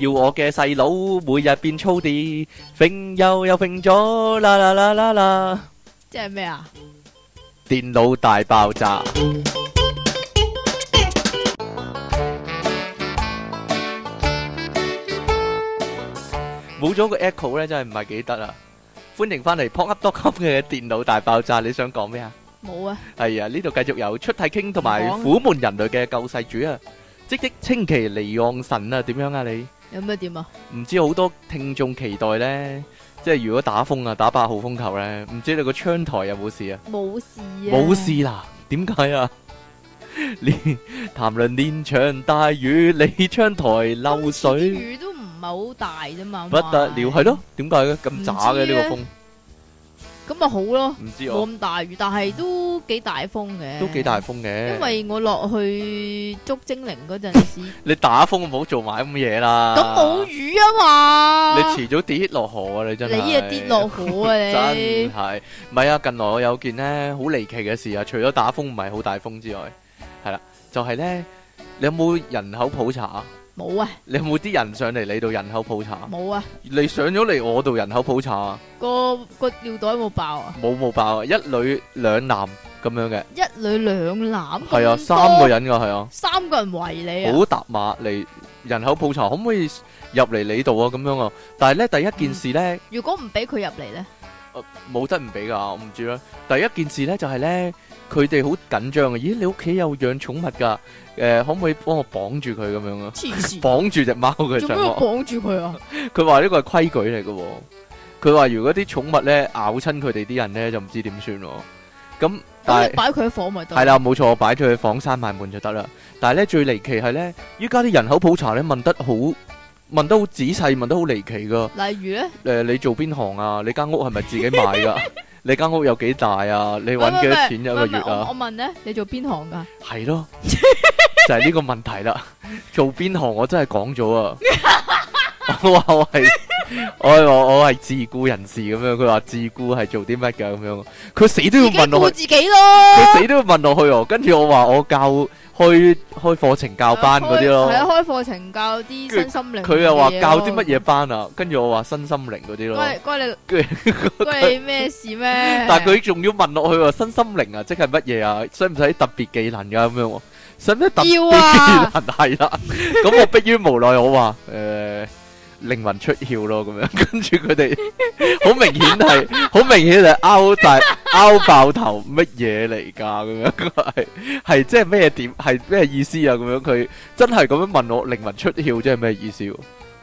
要我嘅細佬每日變粗啲，揈右又揈左，啦啦啦啦啦！即係咩啊？電腦大爆炸！冇咗個 echo 咧，真係唔係幾得啊！歡迎翻嚟，扑吸多吸嘅電腦大爆炸，你想講咩啊？冇啊！係啊，呢度繼續有出體 king 同埋苦悶人類嘅救世主啊！積淇離岸神啊，點樣啊你？有咩點啊？唔知好多聽眾期待咧，即係如果打風啊，打八號風球咧，唔知你個窗台有冇事啊？冇事啊，冇事啦。點解啊？ 連談論連場大雨，你窗台漏水，雨都唔係好大啫嘛。不得了，係咯，啊？點解嘅咁渣嘅呢，啊啊，個風？咁咪好咯，唔知啊，冇咁大雨，但係都幾大風嘅。都幾大風嘅，因為我落去捉精靈嗰陣時，你打風唔好做埋咁嘅嘢啦。咁冇雨啊嘛，你遲早跌落河啊！你真係你啊跌落河啊！真係，唔係啊！近來我有件咧好離奇嘅事啊，除咗打風唔係好大風之外，係啦，就係咧，你有冇人口普查啊？冇啊！你有冇啲人上嚟你度人口普查？冇啊！你上咗嚟我度人口普查啊？個個尿袋有冇爆啊？冇冇爆啊！一女兩男咁樣嘅。一女兩男？係啊，三個人噶係啊。三個人圍你啊！好踏馬嚟人口普查，可唔可以入嚟你度啊？咁樣啊？但係咧，第一件事咧，如果唔俾佢入嚟咧，誒，冇得唔俾噶，我唔知啦。第一件事咧就係咧。佢哋好緊張啊！咦，你屋企有養寵物噶？誒、呃，可唔可以幫我綁住佢咁樣啊？綁住隻貓佢想。做咩綁住佢啊？佢話呢個係規矩嚟嘅。佢話如果啲寵物咧咬親佢哋啲人咧，就唔知點算喎。咁、嗯、但係擺佢喺房咪得？係啦，冇錯，擺咗佢喺房閂埋門就得啦。但係咧最離奇係咧，依家啲人口普查咧問得好問得好仔細，問得好離奇嘅。例如咧？誒、呃，你做邊行啊？你間屋係咪自己買㗎？ 你間屋有幾大啊？你搵幾多錢一個月啊？我，我問咧，你做邊行噶？係咯的， 就係呢個問題啦。做邊行我真係講咗啊！我話我係我我我係自雇人士咁樣，樣。佢話自雇係做啲乜噶咁樣？佢死都要問落去，佢死都要問落去哦。跟住 我話我教。開開課程教班嗰啲咯，係啊，開課程教啲身心靈嘅嘢。佢又話教啲乜嘢班啊？跟住我話身心靈嗰啲咯。關關你關你咩事咩？但係佢仲要問落去啊，身心靈啊，即係乜嘢啊？使唔使特別技能噶咁樣？使唔使特別技能係啦？咁我迫於無奈，我話誒。靈魂出竅咯，咁樣跟住佢哋好明顯係，好明顯就拗大拗爆頭，乜嘢嚟噶？咁樣係係即係咩點？係 咩意思啊？咁樣佢真係咁樣問我靈魂出竅，即係咩意思，啊？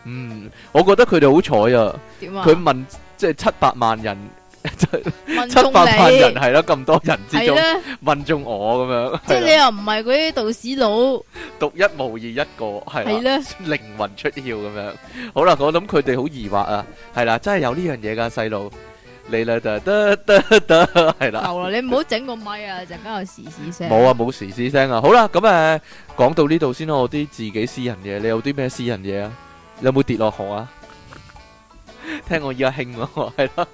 嗯，我覺得佢哋好彩啊！佢、嗯啊、問即係、就是、七百萬人。七百萬人係咯，咁多人之中，問中我咁樣，即係你又唔係嗰啲道士佬，獨一無二一個係，係咧靈魂出竅咁樣。好啦，我諗佢哋好疑惑啊，係啦，真係有呢樣嘢噶，細路，你咧就得得得係啦。牛啦，你唔好整個咪啊，陣間有時時聲。冇啊，冇時時聲啊。好啦，咁誒，講到呢度先咯，我啲自己私人嘢，你有啲咩私人嘢啊？你有冇跌落河啊？聽我而家興咯，係咯。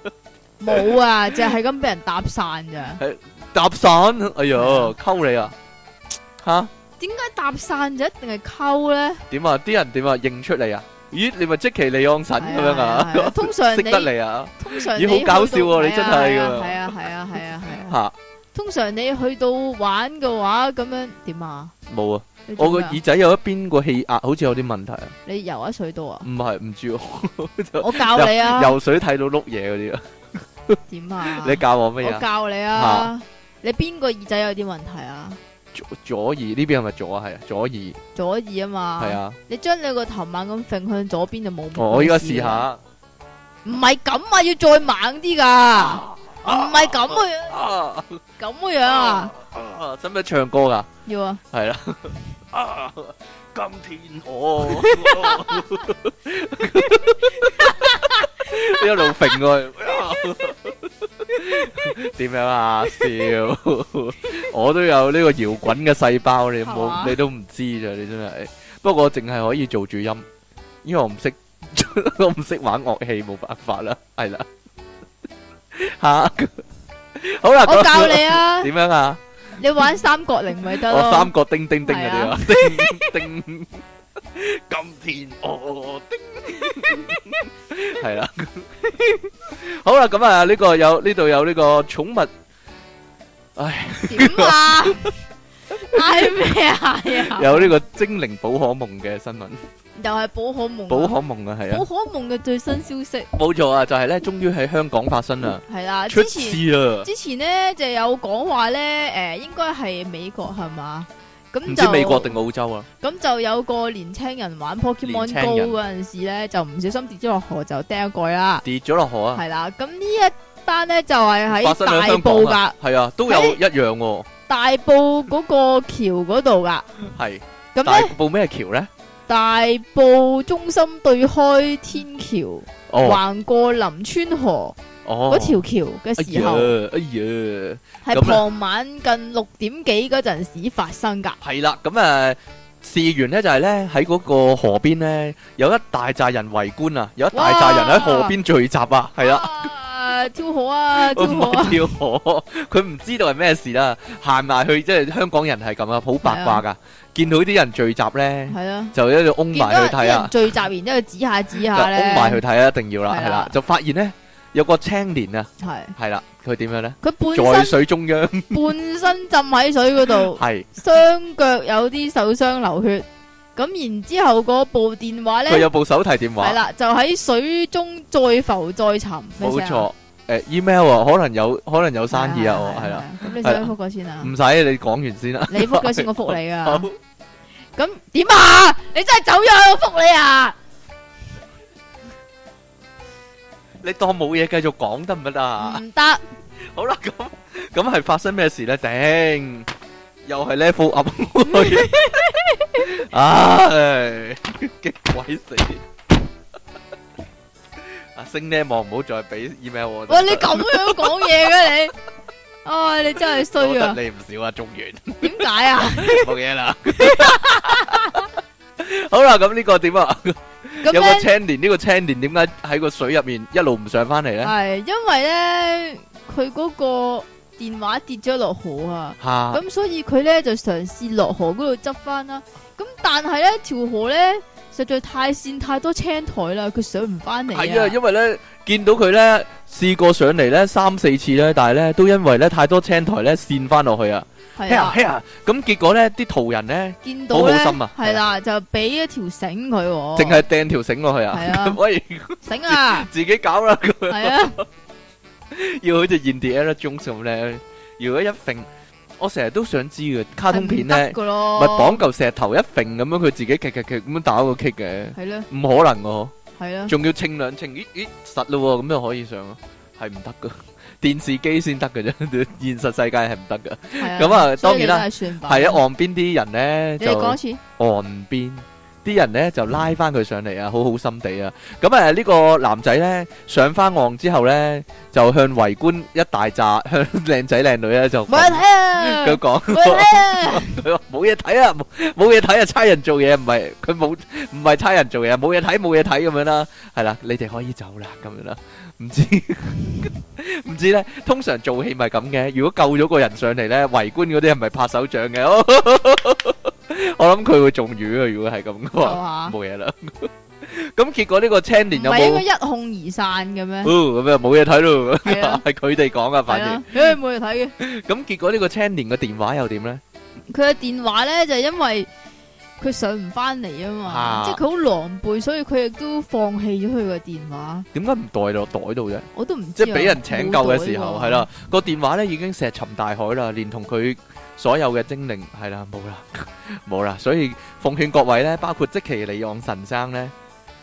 冇啊，就係咁俾人搭訕咋？係搭訕，哎呀，溝你啊？吓？點解搭訕就一定係溝咧？點啊？啲人點啊？認出嚟啊？咦，你咪積淇離岸神咁樣啊？通常識得你啊？通常咦？好搞笑喎！你真係係啊係啊係啊係啊吓？通常你去到玩嘅話，咁樣點啊？冇啊！我個耳仔有一邊個氣壓好似有啲問題啊！你游啊水度啊？唔係唔知啊！我教你啊！游水睇到碌嘢嗰啲啊！點啊！你教我乜嘢？我教你啊！你邊個耳仔有啲問題啊？左耳呢邊係咪左啊？係啊，左耳。左耳啊嘛。係啊。你將你個頭猛咁揈向左邊就冇。哦，我依家試下。唔係咁啊，要再猛啲噶。唔係咁嘅樣。啊，咁嘅樣啊？使唔使唱歌噶？要啊。係啦。啊！今天我一路揈佢。點樣啊？笑，我都有呢個搖滾嘅細胞，你冇，你都唔知咋，你真係。不過我淨係可以做主音，因為我唔識，我唔識玩樂器，冇辦法啦，係啦。吓，好啦，我教你啊，點樣啊？你玩三角鈴咪得咯。我三角叮叮叮啊，你啊，叮叮。金田鵝丁，係啦，好啦，咁啊呢個有呢度有呢個寵物，唉，點啊，嗌咩啊？有呢個精靈寶可夢嘅新聞，又係寶可夢，寶可夢啊，係啊，寶可夢嘅最新消息冇錯啊，就係咧，終於喺香港發生啦，係啦，之前啊，之前咧就有講話咧，誒，應該係美國係嘛？咁唔知美國定澳洲啊？咁就有個年，輕人年青人玩 Pokemon Go 嗰陣時咧，就唔小心跌咗落河就釘咗過去啦。跌咗落河啊！係啦，咁呢一單咧就係、是、喺大埔噶，係啊，都有一樣大埔嗰個橋嗰度噶。係咁咧，呢大埔咩橋咧？大埔中心對開天橋，哦、橫過林村河。哦，嗰條橋嘅時候，哎 呀 desserts，係傍晚近六點幾嗰陣時發生噶。係啦，咁啊嘩，事緣呢就係咧喺嗰個河邊咧，有一大扎人圍觀啊，有一大扎人喺河邊聚集啊，係啦，跳河啊，跳河、啊，跳河，佢 唔 知道係咩事啦，行埋去即係香港人係咁啊，好八卦噶，見到啲人聚集咧，係啦，就一路擁埋去睇啊，聚集，完之後指下指 下咧，擁埋去睇啊，一定要啦，係啦，就發現咧。有個青年啊，係係啦，佢點樣咧？佢半身在水中央，半身浸喺水嗰度，係雙腳有啲受傷流血，咁然之後嗰部電話咧，佢有部手提電話，係啦，就喺水中再浮再沉。冇錯，誒，email 可能有，可能有生意啊，係啦。咁你想覆我先啊？唔使，你講完先啦。你覆我先，我覆你噶。咁點啊？你真係走樣，我覆你啊！你當冇嘢繼續講得唔得啊？唔得。好啦，咁咁係發生咩事咧？頂，又係 level up。唉，激鬼死！阿星呢，望唔好再俾 email 我。喂，你咁樣講嘢嘅你，唉，你真係衰啊！你唔少啊，中原。點解啊？冇嘢啦。好啦，咁呢個點啊？有個青年呢、呢個青年，點解喺個水入面一路唔上翻嚟呢？係因為呢，佢嗰個電話跌咗落河啊，咁所以佢呢就嘗試落河嗰度執翻啦。咁但係呢條河呢，實在太跣太多青苔啦，佢上唔翻嚟。係啊，因為呢，見到佢呢，試過上嚟呢三四次咧，但係呢，都因為呢太多青苔呢跣翻落去啊。係啊，係啊，咁結果咧，啲途人咧，見到，好好心啊，係啦，就俾一條繩佢，淨係掟條繩落去啊，喂，繩啊，自己搞啦，係啊，要佢就 Andy Anderson 咧，如果一揈，我成日都想知嘅卡通片咧，咪綁嚿石頭一揈咁樣，佢自己 kick kick kick 咁樣打個 kick 嘅。係咯，唔可能嘅，係咯，仲要清兩清，咦咦實嘞喎，咁又可以上啊。係唔得噶電視機先得噶啫， 現實世界係唔得噶。咁啊， 嗯、所以當然啦，係啊，岸邊啲人咧就岸邊。啲人咧就拉翻佢上嚟啊，好好心地啊。咁啊呢個男仔咧上翻岸之後咧，就向圍觀一大紮向靚仔靚女咧就佢講，佢話冇嘢睇啊，冇冇嘢睇啊，差人做嘢唔係佢冇唔係差人做嘢，冇嘢睇冇嘢睇咁樣啦，係啦，你哋可以走啦咁樣啦，唔知唔知咧，通常做戲咪咁嘅，如果救咗個人上嚟咧，圍觀嗰啲係咪拍手掌嘅？我諗佢會中魚啊！如果係咁嘅話，冇嘢啦。咁結果呢個青年有冇應該一哄而散嘅咩？哦，咁又冇嘢睇咯，係佢哋講噶，反正誒冇嘢睇嘅。咁結果呢個青年嘅電話又點咧？佢嘅電話咧就係因為佢上唔翻嚟啊嘛，即係佢好狼狽，所以佢亦都放棄咗佢個電話。點解唔袋落袋度啫？我都唔知，即係俾人搶救嘅時候係啦，個電話咧已經石沉大海啦，連同佢。所有嘅精靈係啦，冇啦，冇啦，所以奉勸各位咧，包括積淇離岸神生咧，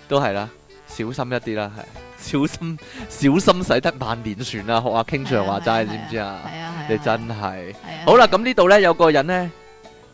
都係啦，小心一啲啦，係小心小心，使得萬年船啊，學下傾 Sir 話齋，知唔知啊？係啊係、啊、你真係好啦，咁呢度咧有個人咧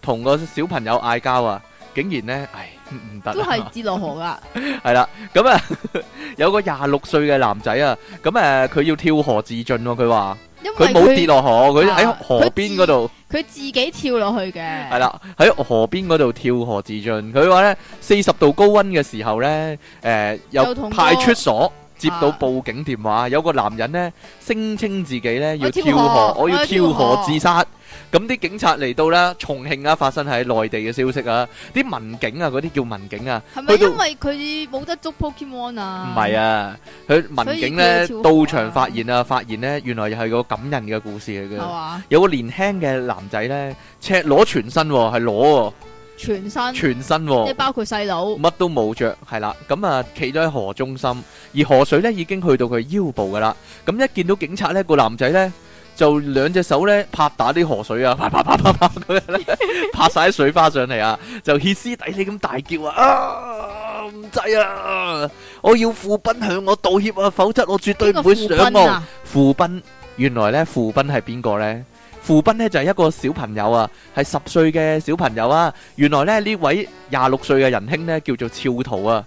同個小朋友嗌交啊，竟然咧，唉唔唔得，都係自落河噶，係啦， 咁啊、嗯、 有個廿六歲嘅男仔啊，咁誒佢要跳河自盡喎，佢 話。 因為佢冇跌落河，佢喺河邊度，佢自，自己跳落去嘅。係啦，喺河邊度跳河自盡。佢話咧四十度高溫嘅時候咧，誒、呃、有派出所。接到報警電話，有個男人呢，聲稱自己呢要跳河，我要跳河自殺。咁啲警察嚟到啦，重慶啊，發生喺內地嘅消息啊，啲民警啊，嗰啲叫民警啊，係咪因為佢冇得捉 Pokemon 啊？唔係啊，佢民警呢到場發現啊，發現呢原來又係個感人嘅故事嚟嘅，有個年輕嘅男仔呢，赤裸全身係裸。全身，全身，即係包括細佬，乜都冇着，係啦。咁啊，企咗喺河中心，而河水咧已經去到佢腰部噶啦。咁一見到警察咧，個男仔咧就兩隻手咧拍打啲河水啊，啪啪啪啪啪咁樣咧，拍晒啲水花上嚟啊，就歇斯底里咁大叫啊，啊，唔制啊，我要富斌向我道歉啊，否則我絕對唔會上岸。富斌，原來咧富斌係邊個咧？符斌呢就係一個小朋友啊，係十歲嘅小朋友啊。原來呢，呢位廿六歲嘅仁兄呢叫做俏圖啊，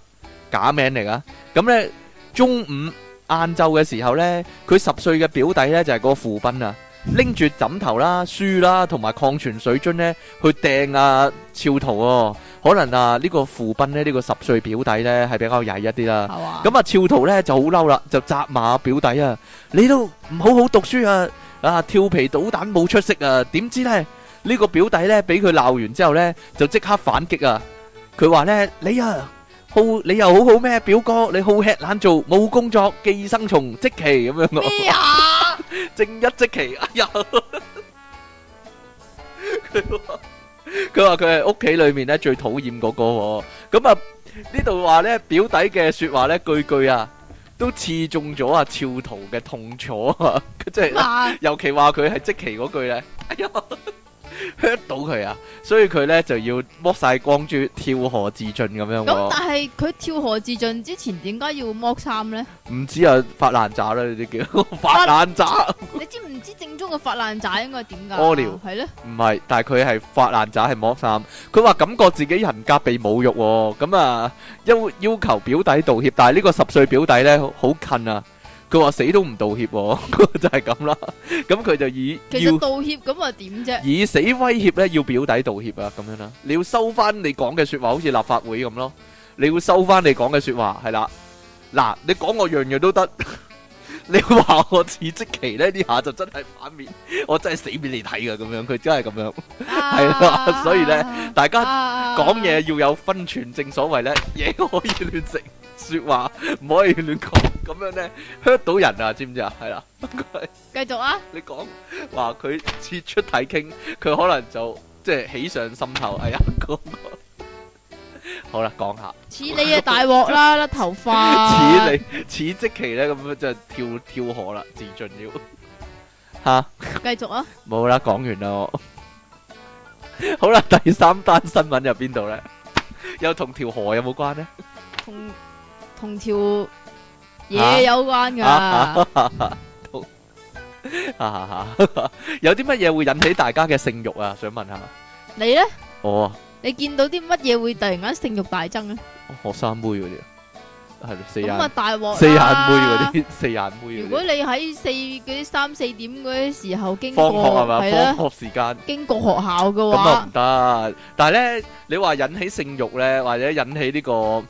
假名嚟噶。咁、嗯、呢，中午晏晝嘅時候呢，佢十歲嘅表弟呢就係、是、個符斌啊，拎住枕頭啦、書啦同埋礦泉水樽呢去掟啊俏圖哦。可能啊呢、這個符斌呢，呢個十歲表弟呢係比較曳一啲啦。咁啊俏圖、嗯啊、呢就好嬲啦，就責罵表弟啊，你都唔好好讀書啊！啊！調皮搗蛋冇出息啊！點知咧呢個表弟咧俾佢鬧完之後咧就即刻反擊啊！佢話咧你啊，好你又好好咩？表哥你好吃懶做冇工作寄生蟲即期咁樣咯，正一即期，哎呀！佢話佢話佢係屋企裏面咧最討厭嗰個咁啊！呢度話咧表弟嘅說話咧句句啊！都刺中咗阿俏圖嘅痛楚啊！佢 真係的， 尤其話佢係即期嗰句咧。哎 嚇到佢啊！所以佢咧就要剝晒光豬，跳河自盡咁樣。咁但係佢跳河自盡之前，點解要剝衫咧？唔知啊，發爛渣啦，呢啲叫發爛渣。你哋叫 發爛渣 你知唔知正宗嘅發爛渣應該點噶？屙尿係咧，唔係呢，但係佢係發爛渣，係剝衫。佢話感覺自己人格被侮辱，啊，咁啊，要要求表弟道歉，但係呢個十歲表弟咧，好近啊。佢話死都唔道歉，就係咁啦。咁佢就以其實道歉咁啊點啫？以死威脅咧，要表弟道歉啊，咁樣啦。你要收翻你講嘅說話，好似立法會咁咯。你要收翻你講嘅說話，係啦。嗱，你講我樣樣都得，你話我似積淇咧，呢下就真係反面，我真係死俾你睇噶，咁樣佢真係咁樣，係啦。所以咧，大家講嘢要有分寸，正所謂咧，嘢可以亂食。說話唔可以亂講，咁樣咧 hurt 到人啊，知唔知啊？係啦，繼 續啊！你講話佢切出體傾，佢可能就即係起上心頭。哎呀，講、那個 好啦，講下似你啊，大鑊啦，甩頭髮似你似積淇咧，咁就跳跳河啦，自盡要吓繼 續啊！冇啦，講完啦， 好啦，第三單新聞入邊度咧？ 又同條河有冇關呢？ 同條嘢有關噶，有啲乜嘢會引起大家嘅性慾啊？想問下你咧，我啊，你見到啲乜嘢會突然間性慾大增啊？學生妹嗰啲，係咪，咁啊大鑊，四眼妹嗰啲，四眼妹。如果你喺四嗰啲三四點嗰啲時候經過，係啦，放學時間經過學校嘅，咁啊唔得。但係咧，你話引起性慾咧，或者引起呢個？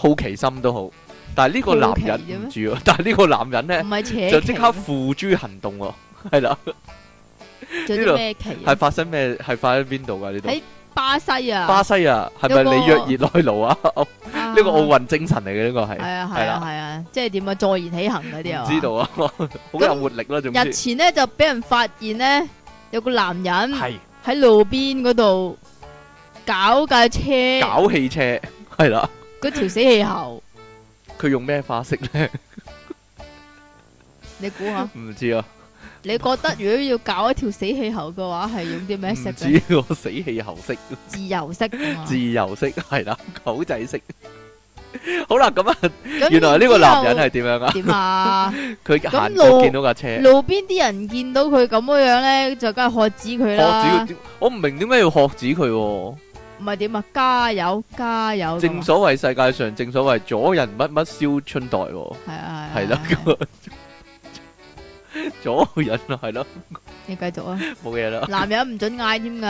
好奇心都好，但係呢個男人，但係呢個男人咧，就即刻付諸行動喎，係啦。呢度咩期？係發生咩？係發生邊度噶呢度？喺巴西啊！巴西啊！係咪里約熱內盧啊？呢個奧運精神嚟嘅呢個係。係啊係啊係啊，即係點啊？坐言起行嗰啲啊！知道啊，好有活力啦！仲日前咧就俾人發現咧，有個男人係喺路邊嗰度搞架車，搞汽車，係啦。嗰條死氣喉，佢用咩花式咧？ 你估下？唔知啊。你覺得如果要搞一條死氣喉嘅話，係用啲咩色？主要死氣喉式，自由式，啊、自由式。自由式，係啦，狗仔式。 好啦，咁啊，原來呢個男人係點樣啊？點啊？佢行到見到架車，路邊啲人見到佢咁嘅樣咧，就梗係喝止佢啦。我唔明點解要喝止佢喎。唔係點啊！加油，加油！正所謂世界上正所謂左人乜乜燒春袋，係啊係，係啦個左人係咯。你繼續啊！冇嘢啦。男人唔准嗌添噶。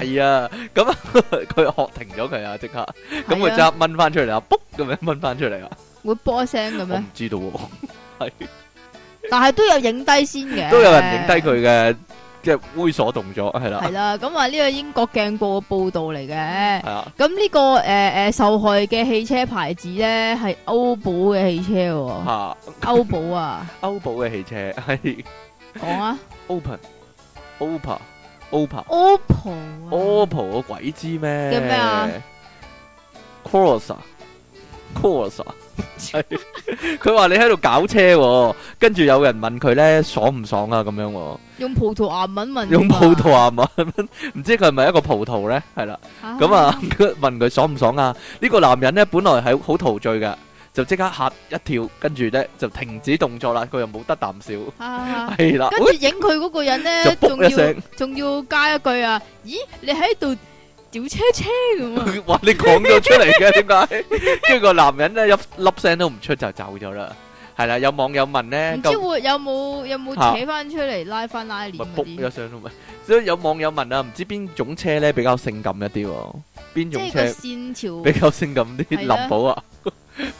係啊，咁佢學停咗佢啊，即刻咁佢即刻掹翻出嚟啊！卜咁樣掹翻出嚟啊！會波聲咁樣。我唔知道喎。係，但係都有影低先嘅，都有人影低佢嘅。即係猥瑣動作係啦，係啦，咁啊呢個英國鏡報嘅報道嚟嘅，係啊的，咁呢、這個誒誒、呃呃、受害嘅汽車牌子咧係歐寶嘅汽車，吓歐寶啊，歐寶嘅汽車係，講啊 Open，Opera，Opera，OPPO，OPPO 我鬼知咩？叫咩啊？Corsa，Corsa。Corsa. Corsa. .係，佢話你喺度搞車，跟住有人問佢咧爽唔爽啊？咁樣，用葡萄牙文問，用葡萄牙文，唔知佢係咪一個葡萄咧？係啦，咁啊問佢爽唔爽啊？呢個男人咧本來係好陶醉嘅，就即刻嚇一跳，跟住咧就停止動作啦。佢又冇得啖笑，係啦。跟住影佢嗰個人咧，就卜一聲，仲要仲要加一句啊？咦，你喺度？小車車咁，哇！你講咗出嚟嘅，點解？跟住 個男人咧一粒聲都唔出就走咗啦，係啦。有網友問咧，唔知會有冇有冇就扯翻出嚟、啊、拉翻拉鏈嗰啲。咁一聲所以有網友問啊，唔知邊種車咧比較性感一啲？邊種車？線條比較性感啲，林寶啊，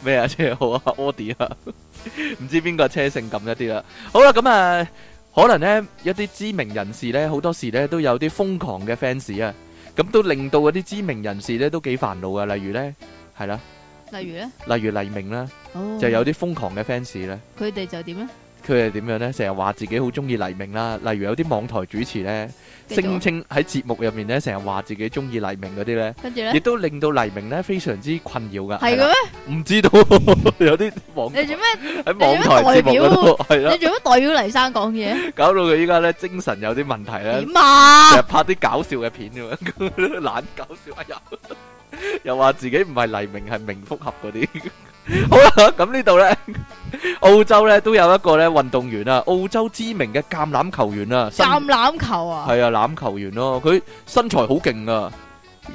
咩的 啊車好啊，奧迪啊，唔 知邊個車性感一啲啦？好啦、啊，咁啊，可能咧一啲知名人士咧，好多時咧都有啲瘋狂嘅 fans 啊。咁都令到嗰啲知名人士咧都幾煩惱啊，例如咧，係啦，例如咧，例如黎明啦，oh. 就有啲瘋狂嘅 fans 咧，佢哋就點咧？佢係點樣咧？成日話自己好中意黎明啦，例如有啲網台主持咧，聲稱喺節目入面咧，成日話自己中意黎明嗰啲咧，亦都令到黎明咧非常之困擾噶。係嘅咩？唔知道 有啲網你做咩喺網台，網台代表。係的你做乜代表黎生講嘢？ 搞到佢依家咧精神有啲問題咧。點啊？成日拍啲搞笑嘅片嘅，懶 搞笑、哎、 又又話自己唔係黎明，係明福俠嗰啲。好啦，咁呢度咧，澳洲咧都有一個咧運動員啊，澳洲知名嘅橄欖球員啊，橄欖球啊，係啊，欖球員咯，佢身材好勁啊，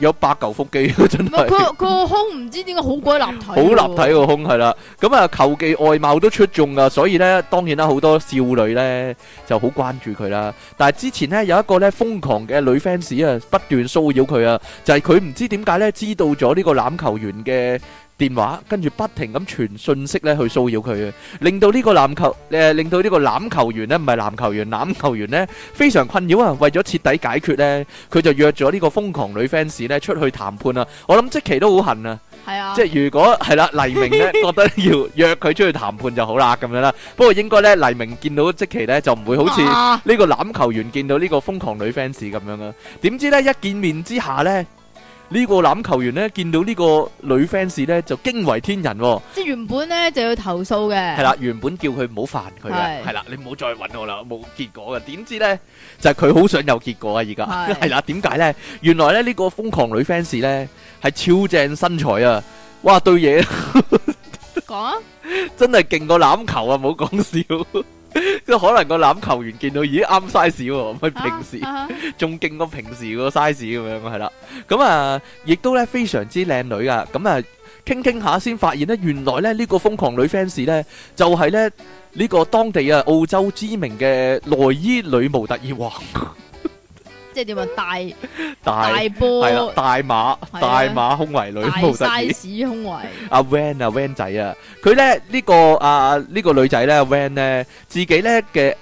有八嚿腹肌真係，佢佢個胸唔知點解好鬼立體，好立體個胸係啦，咁啊，球技外貌都出眾啊，所以咧，當然啦，好多少女咧就好關注佢啦。但係之前咧有一個咧瘋狂嘅女 fans 啊，不斷騷擾佢啊，就係佢唔知點解咧知道咗呢個欖球員嘅。電話，跟住不停咁傳信息咧去騷擾佢嘅，令到呢個籃球誒、呃，令到呢個欖球員咧唔係籃球員，欖球員呢非常困擾啊。為咗徹底解決呢，佢就約咗呢個瘋狂女 fans 咧出去談判啊。我諗積淇都好恨啊，是啊即係如果係啦，黎明呢 覺得要約佢出去談判就好啦，咁樣啦。不過應該呢，黎明見到積淇呢就唔會好似呢個欖球員見到呢個瘋狂女 fans 咁樣啊。點知呢，一見面之下呢。 呢個籃球員咧見到呢個女 fans 咧就驚為天人喎！即係原本咧就要投訴嘅係啦，原本叫佢唔好煩佢嘅係啦，你唔好再搵我啦，冇結果嘅。點知咧就係佢好想有結果啊！而家係啦，點解咧？原來咧呢個瘋狂女 fans 咧係超正身材啊！哇，對嘢講啊，真係勁過籃球啊！唔好講笑。即係 可能個籃球員見到咦啱 size 喎，唔係平時，仲勁過平時個 size 咁樣係啦。咁、嗯、啊，亦都咧非常之靚女、嗯、啊。咁啊，傾傾下先發現咧，原來咧呢、這個瘋狂女 fans 咧，就係、是、咧呢、這個當地啊澳洲知名嘅內衣女模特兒王。 即係點啊？大大波係啦，大馬大馬胸圍女，大屎胸圍。阿 Van 啊阿 Van 仔啊，佢咧呢個啊呢個女仔咧 Van 咧，自己咧嘅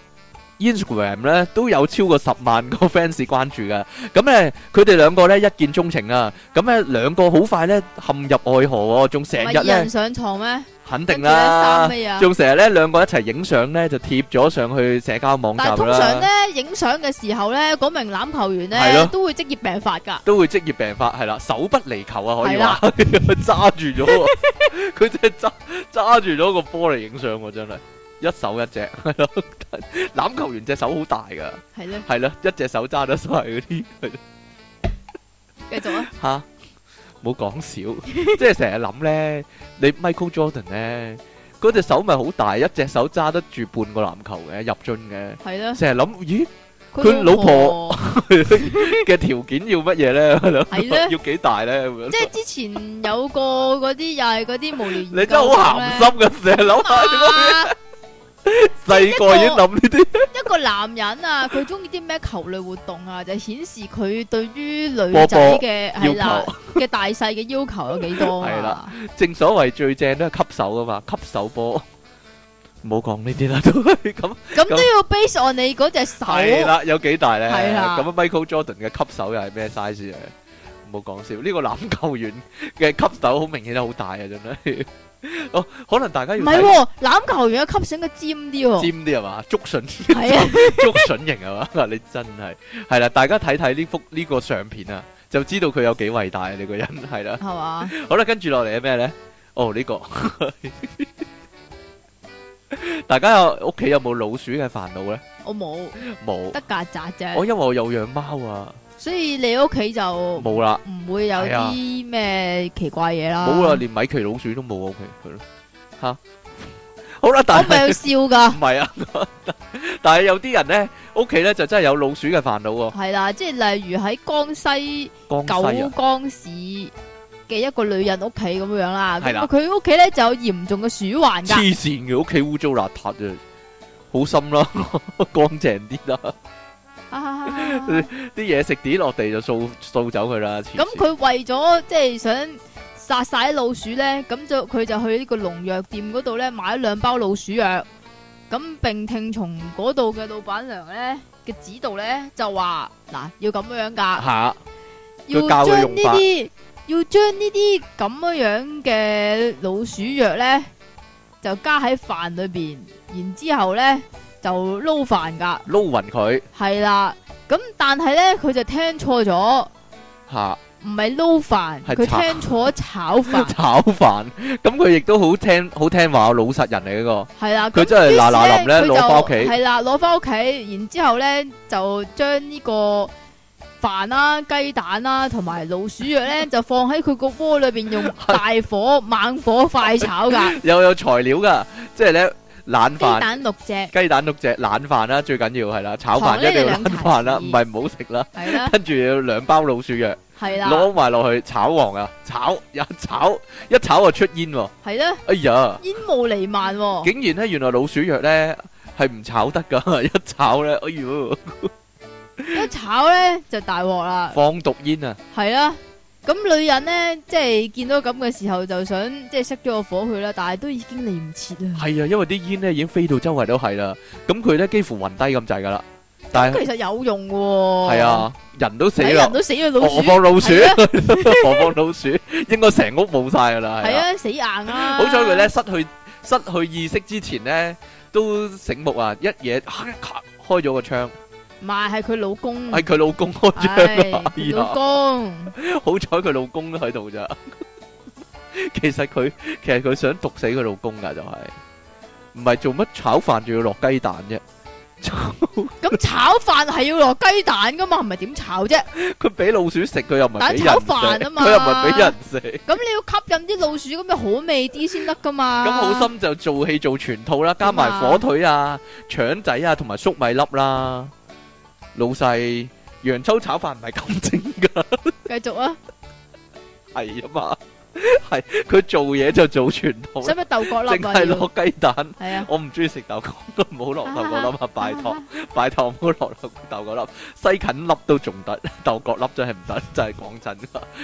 Instagram 咧都有超過十萬個 fans 關注噶。咁咧，佢哋兩個咧一見鍾情啊。咁咧，兩個好快咧陷入愛河哦，仲成日有人上床咩？肯定啦，仲成日咧兩個一齊影相咧，就貼咗上去社交網站啦。通常咧影相嘅時候咧，嗰名籃球員咧的都會職業病發噶，都會職業病發係啦，手不離球啊，可以話，揸的 住咗了，佢 真係揸揸住咗個波嚟影相喎，真係一手一隻，係咯，籃 球員隻手好大噶，係咧的，係咯，一隻手揸得晒嗰啲，繼 續啊，好。 冇講少，即係成日諗咧，你 Michael Jordan 咧，嗰隻手咪好大，一隻手揸得住半個籃球嘅入樽嘅，係咯，成日諗，咦，佢老婆嘅條件要乜嘢咧？係咧，要幾大咧？即係之前有個嗰啲又係嗰啲無聊。你真係好鹹濕㗎，成日諗。細個已經諗呢啲，一個男人啊，佢中意啲咩球類活動啊？就顯示佢對於女仔嘅波波嘅大細嘅要求有幾多啊？係啦，正所謂最正都係吸手噶嘛，吸手波，唔好講呢啲啦。都係咁，咁咁都要 base on 你嗰隻手，係啦，有幾大咧？係啦，咁 Michael Jordan 嘅吸手又係咩 size 嚟？唔好講笑，呢個籃球員嘅吸手好明顯都好大啊，真係。哦，可能大家要睇籃、哦、球員嘅吸繩嘅尖啲、哦，尖啲係嘛？竹筍係啊，竹 筍 型係嘛？你真係係啦，大家睇睇呢幅呢、呢個相片啊，就知道佢有幾偉大啊！你個人係啦，係嘛的？的 好啦，跟住落嚟係咩咧？哦，呢、呢個 大家有屋企有冇老鼠嘅煩惱咧？我冇，冇得曱甴啫。我、哦、因為我有養貓啊。所以你屋企就冇啦，唔會有啲咩奇怪嘢啦。冇啦，連米奇老鼠都冇屋企，佢咯吓。 好啦，但係我咪要笑噶。唔係是啊， 但係有啲人咧，屋企咧就真係有老鼠嘅煩惱喎。係啦，即係例如喺江西九江市嘅一個女人屋企咁樣啦。係啦、啊，佢屋企咧就有嚴重嘅鼠患噶。黐綫，佢屋企污糟邋遢啊，好心啦，乾淨啲啦。啲嘢、 啊、 食跌落地，就掃掃走佢啦。咁佢、啊、為咗即係想殺晒老鼠咧，咁就佢就去呢個農藥店嗰度咧買咗兩包老鼠藥，咁並聽從嗰度嘅老闆娘咧嘅指導咧，就話嗱要咁樣樣噶，要將呢啲要將呢啲咁樣樣嘅老鼠藥咧就加喺飯裏邊，然之後咧。就撈飯噶，撈勻佢係啦。咁但係咧，佢就聽錯咗，吓唔係撈飯，佢是炒 聽錯炒飯。炒飯，咁佢亦都好聽，好聽話，老實人嚟嗰個。係啦，佢真係嗱嗱冧咧，攞翻屋企。係啦就，攞翻屋企，然之後咧就將、啊啊、呢個飯啦、雞蛋啦同埋老鼠藥咧，就放喺佢個鍋裏邊，用大火的猛火快炒噶。又 有，有材料噶，即係咧。冷飯雞蛋六隻，雞蛋六隻冷飯啦，最緊要係啦，炒飯一定要冷飯啦，唔係唔好食啦。係啦，跟住有兩包老鼠藥，係啦，攞埋落去炒黃啊，炒一炒一炒就出煙，係咧，哎呀，煙霧彌漫。竟然咧，原來老鼠藥咧係唔炒得噶，一炒咧，哎喲，一炒咧就大鑊啦，放毒煙啊，係啦。咁女人咧，即係見到咁嘅時候，就想即係熄咗個火佢啦，但係都已經嚟唔切啦。係啊，因為啲煙咧已經飛到周圍都係啦。咁佢咧幾乎暈低咁滯噶啦。但係其實有用嘅。係啊，人都死啦，人都死咗，何況老鼠，何況老鼠，應該成屋冇晒噶啦。係啊，死硬啊。好彩佢咧失去失去意識之前咧都醒目啊，一嘢咔咔開咗個窗。賣係佢老公，係佢老公開張啊！哎哎、呀老公， 好彩佢老公都喺度咋。其實佢其實佢想毒死佢老公噶，就係，就係唔係做乜炒飯仲要落雞蛋啫？咁、 嗯、炒飯係要落雞蛋噶嘛？唔係點炒啫？佢俾 老鼠食，佢又唔係蛋炒飯啊嘛？佢又唔係俾人食。咁、嗯、你要吸引啲老鼠，咁咪好味啲先得噶嘛？咁 好心就做戲做全套啦，加埋火腿啊、腸仔啊同埋粟米粒啦、啊。老細，揚州炒飯唔係咁整噶，繼續啊，係啊 嘛，係佢做嘢，就做傳統，使唔使豆角粒啊？淨係落雞蛋，係啊要，我唔中意食豆角，都唔好落豆角粒啊！拜託， 拜託唔好落豆角粒，西芹粒都仲得，豆角粒真係唔得，就是，真係講真，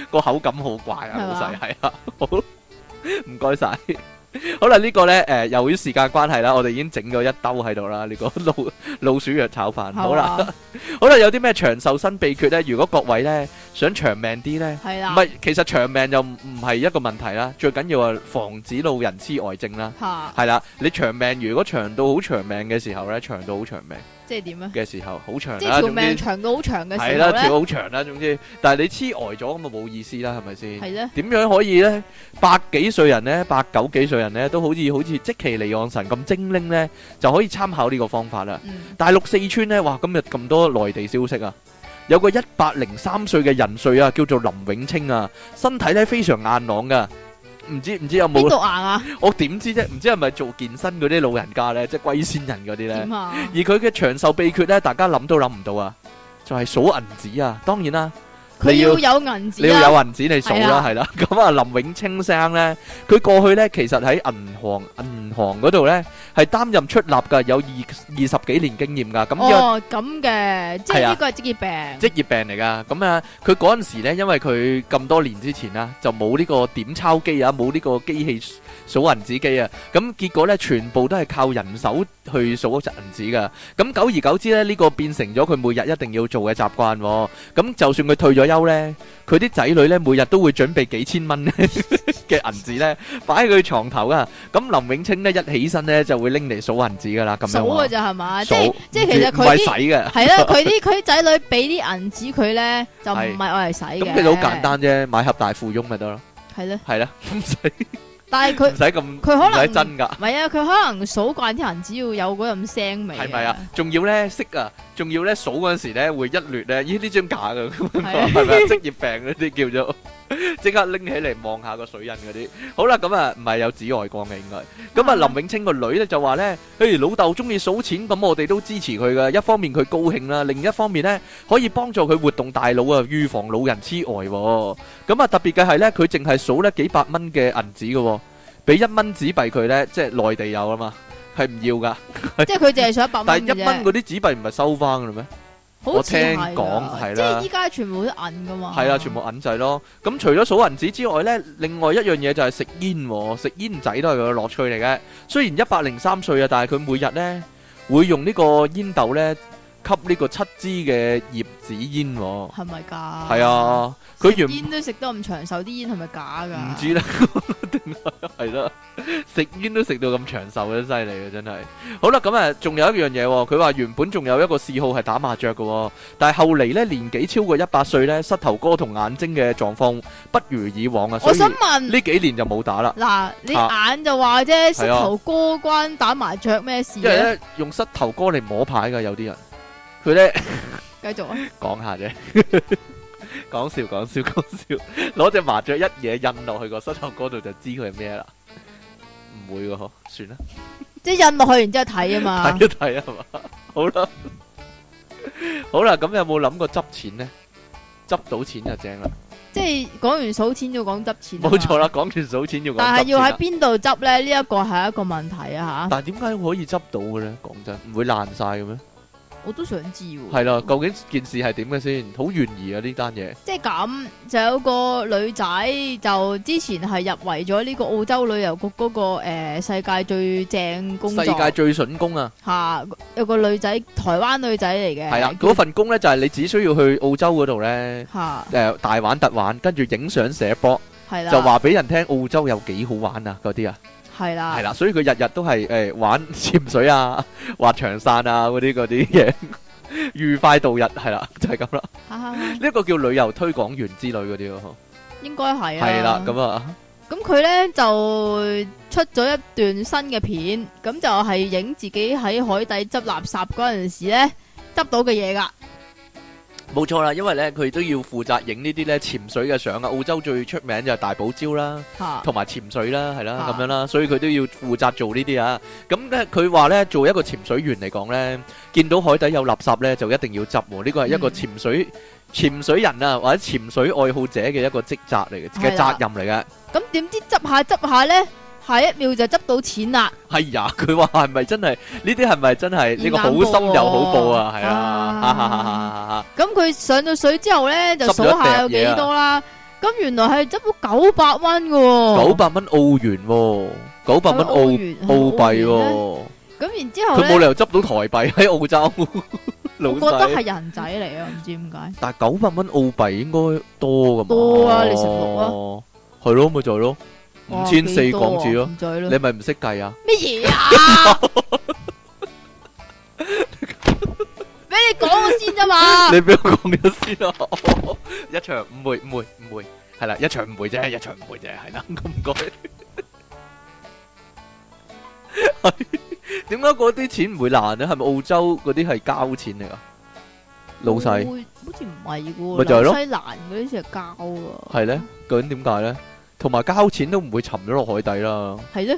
個口感好怪啊！老細，係啊，好唔該晒。 好啦，呢、這個呢，誒、呃，由於時間關係啦，我哋已經整咗一兜喺度啦，呢、這個老老鼠藥炒飯。 好啦， 好啦，有啲咩長壽新秘訣呢？如果各位呢，想長命啲呢？係啦，唔係，其實長命就唔係一個問題啦，最緊要係防止老人痴呆症啦，係、啊、 啦，你長命如果長到好長命嘅時候呢，長到好長命。即係點樣？嘅時候好長，即係壽命長到好長嘅時候咧。係啦，跳好長啦，總之。但係你黐呆咗咁就冇意思啦，係咪先？係咧。點樣可以呢？百幾歲人呢？八九幾歲人呢？都好似好似積淇離岸神咁精靈呢，就可以參考呢個方法啦。嗯、大陸四川呢，哇，今日咁多內地消息啊！有個一百零三歲嘅人歲啊，叫做林永清啊，身體咧非常硬朗噶。唔知唔知有冇？邊度硬啊？ 我點知啫？唔知係咪做健身嗰啲老人家咧，即係龜仙人嗰啲咧？啊、而佢嘅長壽秘訣咧，大家諗都諗唔到啊！就係、是、數銀紙啊！當然啦。你要有銀紙啦，你要有銀紙你數啦，係啦。咁啊，林永清生咧，佢過去咧，其實喺銀行銀行嗰度咧，係擔任出納噶，有二二十幾年經驗噶。咁哦，咁嘅，即係呢個係職業病。職業病嚟噶。咁啊，佢嗰陣時咧，因為佢咁多年之前啊，就冇呢個點鈔機啊，冇呢個機器數銀紙機啊，咁結果咧，全部都係靠人手去數嗰紮銀紙噶。咁久而久之咧，呢個變成咗佢每日一定要做嘅習慣。咁就算佢退咗休咧，佢啲仔女咧每日都會準備幾千蚊嘅銀紙咧，擺喺佢床頭啊。咁林永清咧一起身咧就會拎嚟數銀紙噶啦。數嘅啫係嘛，即係即係其實佢使嘅？係咯，佢啲佢仔女俾啲銀紙佢咧就唔係我嚟使嘅。咁其實好簡單啫，買盒大富翁咪得咯。係咧的，係啦的，使。但係佢唔使咁，佢 可能係真噶。唔係啊，佢可能數慣啲銀紙，要有嗰咁聲味。係咪啊？仲要咧識啊！仲要咧數嗰時咧會一亂咧，咦呢張假噶，職業病嗰啲叫做，即刻拎起嚟望下個水印嗰啲。好啦，咁啊唔係有紫外光嘅應該。咁啊林永清個女咧就話咧，譬如老豆中意數錢，咁我哋都支持佢噶。一方面佢高興啦，另一方面咧可以幫助佢活動大腦啊，預防老人痴呆。咁啊特別嘅係咧，佢淨係數咧幾百蚊嘅銀紙嘅，俾一蚊紙幣佢咧，即係內地有啊嘛。係唔要噶，即係佢淨係想一百蚊。但係一蚊嗰啲紙幣唔係收翻嘅咩？是是我聽講係啦，即係依家全部都銀噶嘛。係啦，全部銀仔咯。咁除咗數銀紙之外咧，另外一樣嘢就係食煙，食煙仔都係佢嘅樂趣嚟嘅。雖然一百零三歲啊，但係佢每日咧會用個煙豆呢個煙斗咧，吸呢個七支嘅葉子煙，係咪㗎？係啊，佢原煙都食得咁長壽，啲煙係咪假㗎？唔知啦，定係 啦，食煙都食到咁長壽，真犀利嘅，真係。好啦，咁啊，仲有一樣嘢，佢話原本仲有一個嗜好係打麻雀嘅，但係後嚟咧年紀超過一百歲咧，膝頭哥同眼睛嘅狀況不如以往啊。我想問，呢幾年就冇打啦？嗱，你眼就話啫，啊、膝頭哥關打麻雀咩事咧？用膝頭哥嚟摸牌㗎，有啲人。佢咧，繼續啊！講下啫，講笑講笑講笑，攞隻麻雀一嘢印落去個攝像頭度就知佢係咩啦，唔會嘅嗬，算啦。即係印落去然之後睇啊嘛，睇一睇啊嘛，好啦，好啦，咁有冇諗過執錢咧？執到錢就正啦。即係講完數錢要講執錢，冇錯啦。講完數錢要講，但係要喺邊度執咧？呢一個係一個問題啊吓。但係點解可以執到嘅咧？講真，唔會爛晒嘅咩？我都想知喎，係啦，究竟件事係點嘅先？好懸疑啊！呢單嘢，即係咁，就有個女仔就之前係入圍咗呢個澳洲旅遊局嗰個誒世界最正工作，世界最筍工啊！吓，有個女仔，台灣女仔嚟嘅，係啦，嗰份工咧就係你只需要去澳洲嗰度咧，吓，誒大玩特玩，跟住影相寫波，係啦，就話俾人聽澳洲有幾好玩啊！嗰啲啊。係啦，係啦，所以佢日日都係誒、欸、玩潛水啊、滑翔傘啊嗰啲啲嘢，那些那些 愉快度日，係啦，就係咁啦。呢 個叫旅遊推廣員之類嗰啲咯，應該係。係啦，咁啊了，咁佢咧就出咗一段新嘅片，咁就係影自己喺海底執垃圾嗰陣時咧，執到嘅嘢噶。冇錯啦，因為咧佢都要負責影呢啲咧潛水嘅相啊。澳洲最出名就係大堡礁、啊、啦，同埋潛水啦，係啦咁樣啦，所以佢都要負責做呢啲啊。咁咧佢話咧做一個潛水員嚟講咧，見到海底有垃圾咧就一定要執喎。呢個係一個潛水潛、嗯、水人啊或者潛水愛好者嘅一個職責嚟嘅，嘅的責任嚟嘅。咁點知執下執下咧？下一秒就執到錢啦！係呀，佢話係咪真係呢啲係咪真係呢個好心又好報啊？係啊！咁佢上到水之後咧，就數下有幾多啦。咁原來係執到九百蚊嘅，九百蚊澳元，九百蚊澳澳幣。咁然之後咧，佢冇理由執到台幣喺澳洲。老實講。我覺得係人仔嚟啊，唔知點解。但係九百蚊澳幣應該多噶嘛？多啊，你食到啊，係咯，咪就係咯。五千四港紙咯，你咪唔識計啊？咩嘢啊？俾你講我先咋嘛？你俾我講咗先咯。一場誤會誤會誤會，係啦，一場誤會啫，一場誤會啫，係啦，唔該。點解嗰啲錢唔會爛咧？係咪澳洲嗰啲係交錢嚟噶？老細好似唔係噶喎，新西蘭嗰啲先係交噶。係咧，究竟點解咧？同埋交錢都唔會沉咗落海底啦，係啫。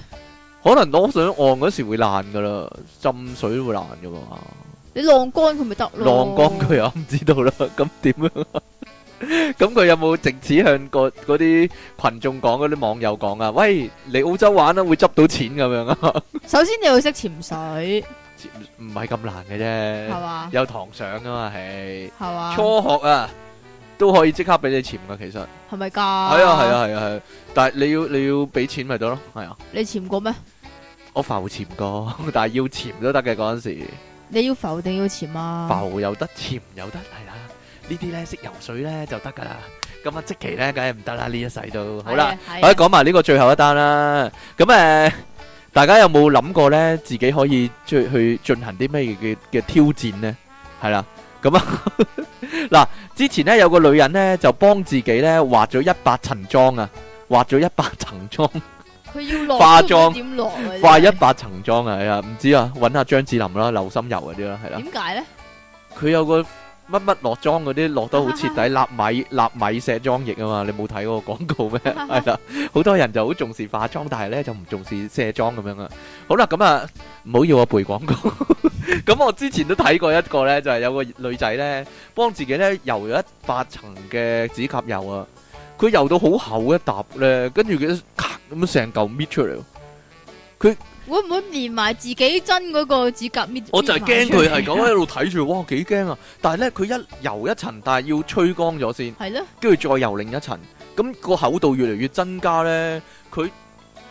可能攞上岸嗰時會爛噶啦，浸水都會爛噶嘛。你晾乾佢咪得咯？晾乾佢又，唔知道啦。咁點樣啊？咁佢有冇直指向個嗰啲群眾講嗰啲網友講啊？喂，嚟澳洲玩啦，會執到錢咁樣啊？首先你要識潛水，唔，唔係咁難嘅啫，係嘛？有堂上吖嘛，係，係嘛？初學啊。都可以即刻俾你潛噶，其實係咪噶？係啊，係啊，係啊，係、啊。但係你要你要俾錢咪得咯，係啊。你潛過咩？我浮潛過，但係要潛都得嘅嗰陣時。你要浮定要潛啊？浮又得，得，潛又得，係啦。呢啲咧識游水咧就得噶啦。咁啊，即期咧梗係唔得啦，呢一世都好啦。可以講埋呢個最後一單啦。咁誒、呃，大家有冇諗過咧，自己可以去去進行啲咩嘅嘅挑戰咧？係啦、啊。咁啊！嗱， 之前咧有個女人咧就幫自己咧畫咗一百層妝啊，畫咗一百層妝。佢要化妝點落啊？ 畫一百層妝啊！哎啊，唔知啊，搵下張智霖啦、劉心悠嗰啲啦，係啦。點解咧？佢有個。乜乜落妝嗰啲落得好徹底，納米納米卸妝液啊嘛，你冇睇嗰個廣告咩？係啦，好多人就好重視化妝，但係咧就唔重視卸妝咁樣啊。好啦，咁啊唔好要我背廣告。咁我之前都睇過一個咧，就係有個女仔咧幫自己咧油咗一百層嘅指甲油啊，佢油到好厚一沓咧，跟住佢咁成嚿搣出嚟，佢。會唔會連埋自己真嗰個指甲搣？我就係驚佢係咁喺度睇住， 哇，幾驚啊！但係咧，佢一油一層，但係要吹乾咗先，係咯的，跟住再油另一層，咁、個厚度越嚟越增加咧。佢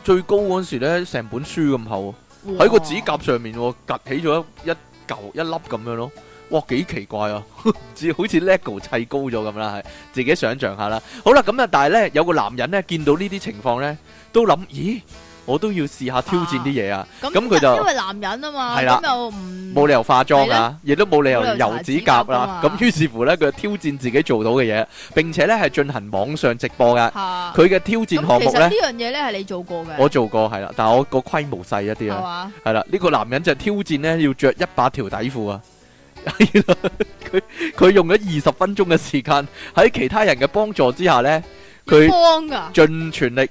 最高嗰時咧，成本書咁厚喺、oh. 個指甲上面、哦，夾起咗一嚿一,一粒咁樣咯。哇，幾奇怪啊！唔 知好似 LEGO 砌高咗咁啦，係自己想象下啦。好啦，咁啊，但係咧，有個男人咧見到況呢啲情況咧，都諗，咦？我都要試下挑戰啲嘢啊！咁佢就因為男人啊嘛，咁又冇理由化妝啦，亦都冇理由油指甲啦。咁於是乎呢，佢挑戰自己做到嘅嘢，並且呢係進行網上直播㗎。佢嘅挑戰項目呢，呢樣嘢呢係你做過嘅。我做過係啦，但係我個規模細一啲啊。係啦，呢個男人就挑戰呢，要着一百條底褲啊！佢佢用咗二十分鐘嘅時間，喺其他人嘅幫助之下呢，佢幫盡全力。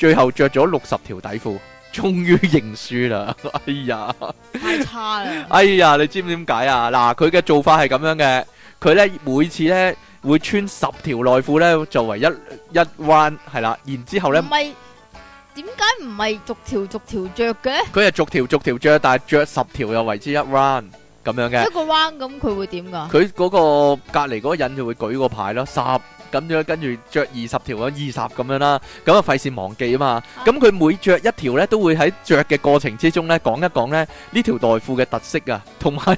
最後着咗六十條底褲，終於認輸啦！哎呀，太差啦！哎呀，你知唔點解啊？嗱，佢嘅做法係咁樣嘅，佢咧每次咧會穿十條內褲咧作為一一 round 係啦，然之後咧唔係點解唔係逐條逐條着嘅？佢係逐條逐條着，但係着十條又為之一 round 咁樣嘅一個 round 咁，佢會點噶？佢嗰個隔籬嗰個人就會舉個牌咯，十。咁樣跟住着二十條啊，二十咁樣啦，咁啊費事忘記啊嘛。咁佢每着一條呢，都會喺着嘅過程之中呢，講一講呢呢條袋褲嘅特色啊，同埋。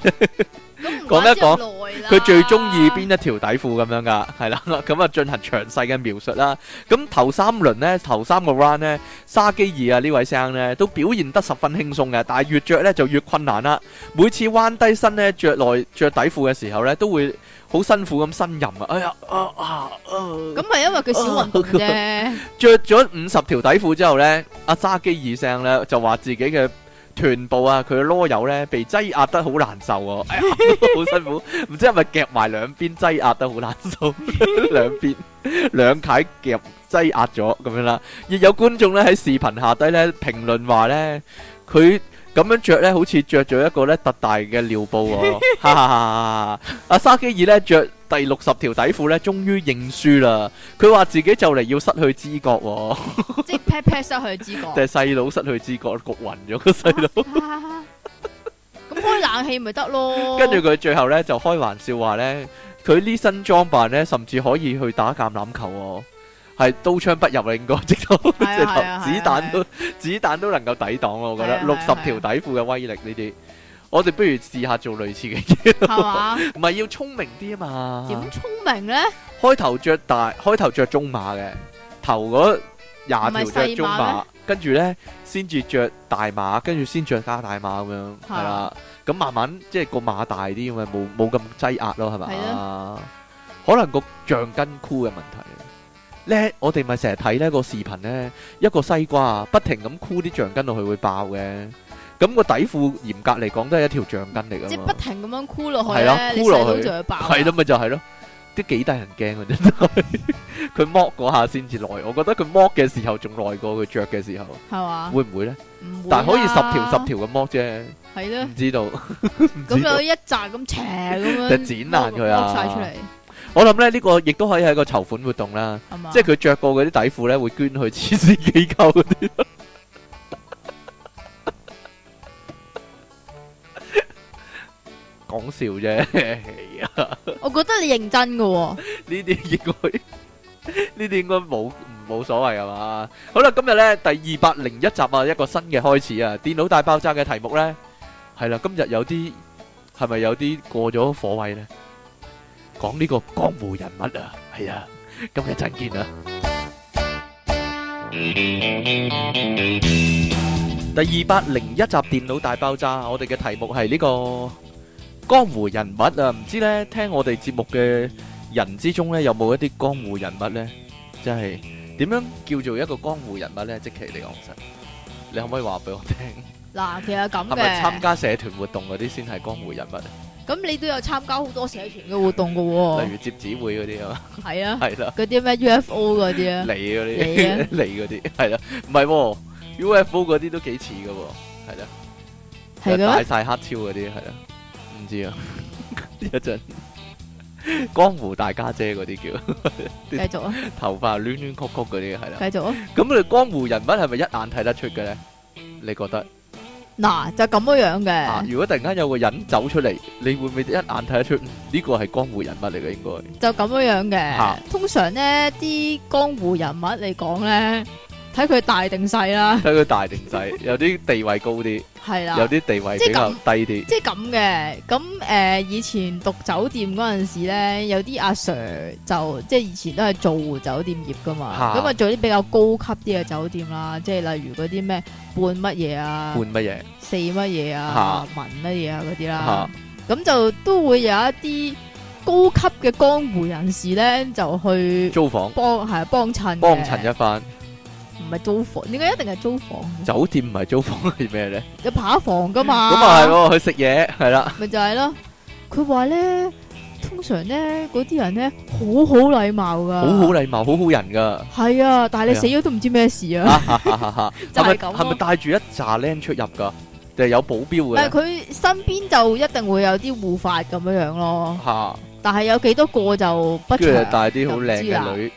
講一講佢最中意邊一條底褲咁樣噶，係啦，咁啊進行詳細嘅描述啦。咁頭三輪咧，頭三個 run 咧，沙基爾啊呢位生咧都表現得十分輕鬆嘅，但係越着咧就越困難啦。每次彎低身咧着內着底褲嘅時候咧，都會好辛苦咁呻吟啊！哎呀啊啊！咁係因為佢少運動啫。着咗五十條底褲之後咧，阿沙基爾生咧就話自己嘅。全部啊，佢嘅囉柚咧被擠壓得好難受啊、哦！哎呀，好辛苦，唔 知係咪夾埋兩邊擠壓得好難受， 兩邊兩楷夾擠壓咗咁樣啦。亦有觀眾咧喺視頻下低咧評論話咧，佢。咁樣着咧，好似着咗一個咧特大嘅尿布喎、哦。阿、 啊、沙基爾咧着第六十條底褲咧，終於認輸啦。佢話自己就嚟要失去知覺、哦， 即係劈劈失去知覺。即係細佬失去知覺焗暈咗個細佬。咁、 啊啊啊、開冷氣咪得咯。 跟住佢最後咧就開玩笑話咧，佢呢身裝扮咧甚至可以去打橄欖球、哦。係刀槍不入令，另一個直頭直頭、啊啊啊、子彈都、啊啊啊、子彈都，都能夠抵擋，我覺得六十條底褲嘅威力呢啲，我哋不如試下做類似嘅嘢咯，係嘛？唔係要聰明啲啊嘛？點聰明咧？開頭着大，開頭着中碼嘅頭嗰廿條着中碼，跟住咧先至着大碼，跟住先着加大碼咁樣，係啦。咁慢慢即係個碼大啲，咁咪冇冇咁擠壓咯，係咪？啊。 可能個橡筋箍嘅問題。咧，我哋咪成日睇呢個視頻咧，一個西瓜啊，不停咁箍啲橡筋落去會爆嘅。咁個底褲嚴格嚟講都係一條橡筋嚟噶。即係不停咁樣箍落去咧，箍落去就爆。係咯，咪就係咯，啲幾得人驚啊！真係，佢剝嗰下先至耐，我覺得佢剝嘅時候仲耐過佢着嘅時候。係嘛？會唔會咧？唔會。但係可以十條十條咁剝啫。係咯。唔知道。咁有冇一紮咁斜咁樣？就剪爛佢啊！剝晒出嚟。我諗咧，呢個亦都可以係一個籌款活動啦，即係佢着過嗰啲底褲咧，會捐去慈善機構嗰啲，講笑啫，係啊！我覺得你認真噶，呢啲應該呢啲應該冇冇所謂係嘛？好啦，今日咧，第二百零一集啊，一個新嘅開始啊！電腦大爆炸嘅題目咧係啦，今日有啲係咪有啲過咗火位咧？講呢個江湖人物啊，係啊，今日陣見啊！第二百零一集電腦大爆炸，我哋嘅題目係呢個江湖人物啊。唔知呢，聽我哋節目嘅人之中呢，有冇一啲江湖人物呢？即係點樣叫做一個江湖人物呢？即其你講實，你可唔可以話俾我聽？嗱，其實咁嘅，係咪參加社團活動嗰啲先係江湖人物？咁你都有參加好多社團嘅活動噶喎、哦， 例如接姊妹嗰啲 啊，嘛，係啊，係啦，嗰啲咩 UFO 嗰啲啊，嚟嗰啲嚟嗰啲，係啦，唔係喎，UFO 嗰啲都幾似噶喎，係啦，係咯，大曬黑超嗰啲，係啦，唔知啊，知 這一陣雜笑江湖大家姐嗰啲叫， 繼續啊， 頭髮亂亂曲曲嗰啲，係啦、啊，繼續啊，咁你 江湖人物係咪一眼睇得出嘅咧？你覺得？嗱、啊，就咁、是、樣嘅、啊。如果突然間有個人走出嚟，你會唔會一眼睇得出呢、嗯呢個係江湖人物嚟嘅？應該就咁樣嘅。啊、通常咧，啲江湖人物嚟講咧。睇佢大定細啦，睇佢大定細，有啲地位高啲，係是啦，有啲地位比較低啲，即係咁嘅。咁誒、呃，以前讀酒店嗰陣時咧，有啲阿 Sir 就即係以前都係做酒店業噶嘛，咁是啊做啲比較高級啲嘅酒店啦，即係例如嗰啲咩半乜嘢啊，半乜嘢，四乜嘢啊，是啊文乜嘢啊嗰啲啦，咁，是、啊、就都會有一啲高級嘅江湖人士咧，就去租房幫係幫襯幫襯一番。唔係租房，點解一定係租房？酒店唔係租房係咩咧？有扒房噶嘛？咁啊係，去食嘢係啦。咪就係咯，佢話咧，通常咧嗰啲人咧，好好禮貌噶，好好禮貌，好好人噶。係啊，但係你死咗都唔知咩事啊。就係咁。係咪帶住一紮靚出入噶？定係有保鏢嘅？但係，佢身邊就一定會有啲護法咁樣樣咯。吓。但係有幾多個就不長。跟住就帶啲好靚嘅女。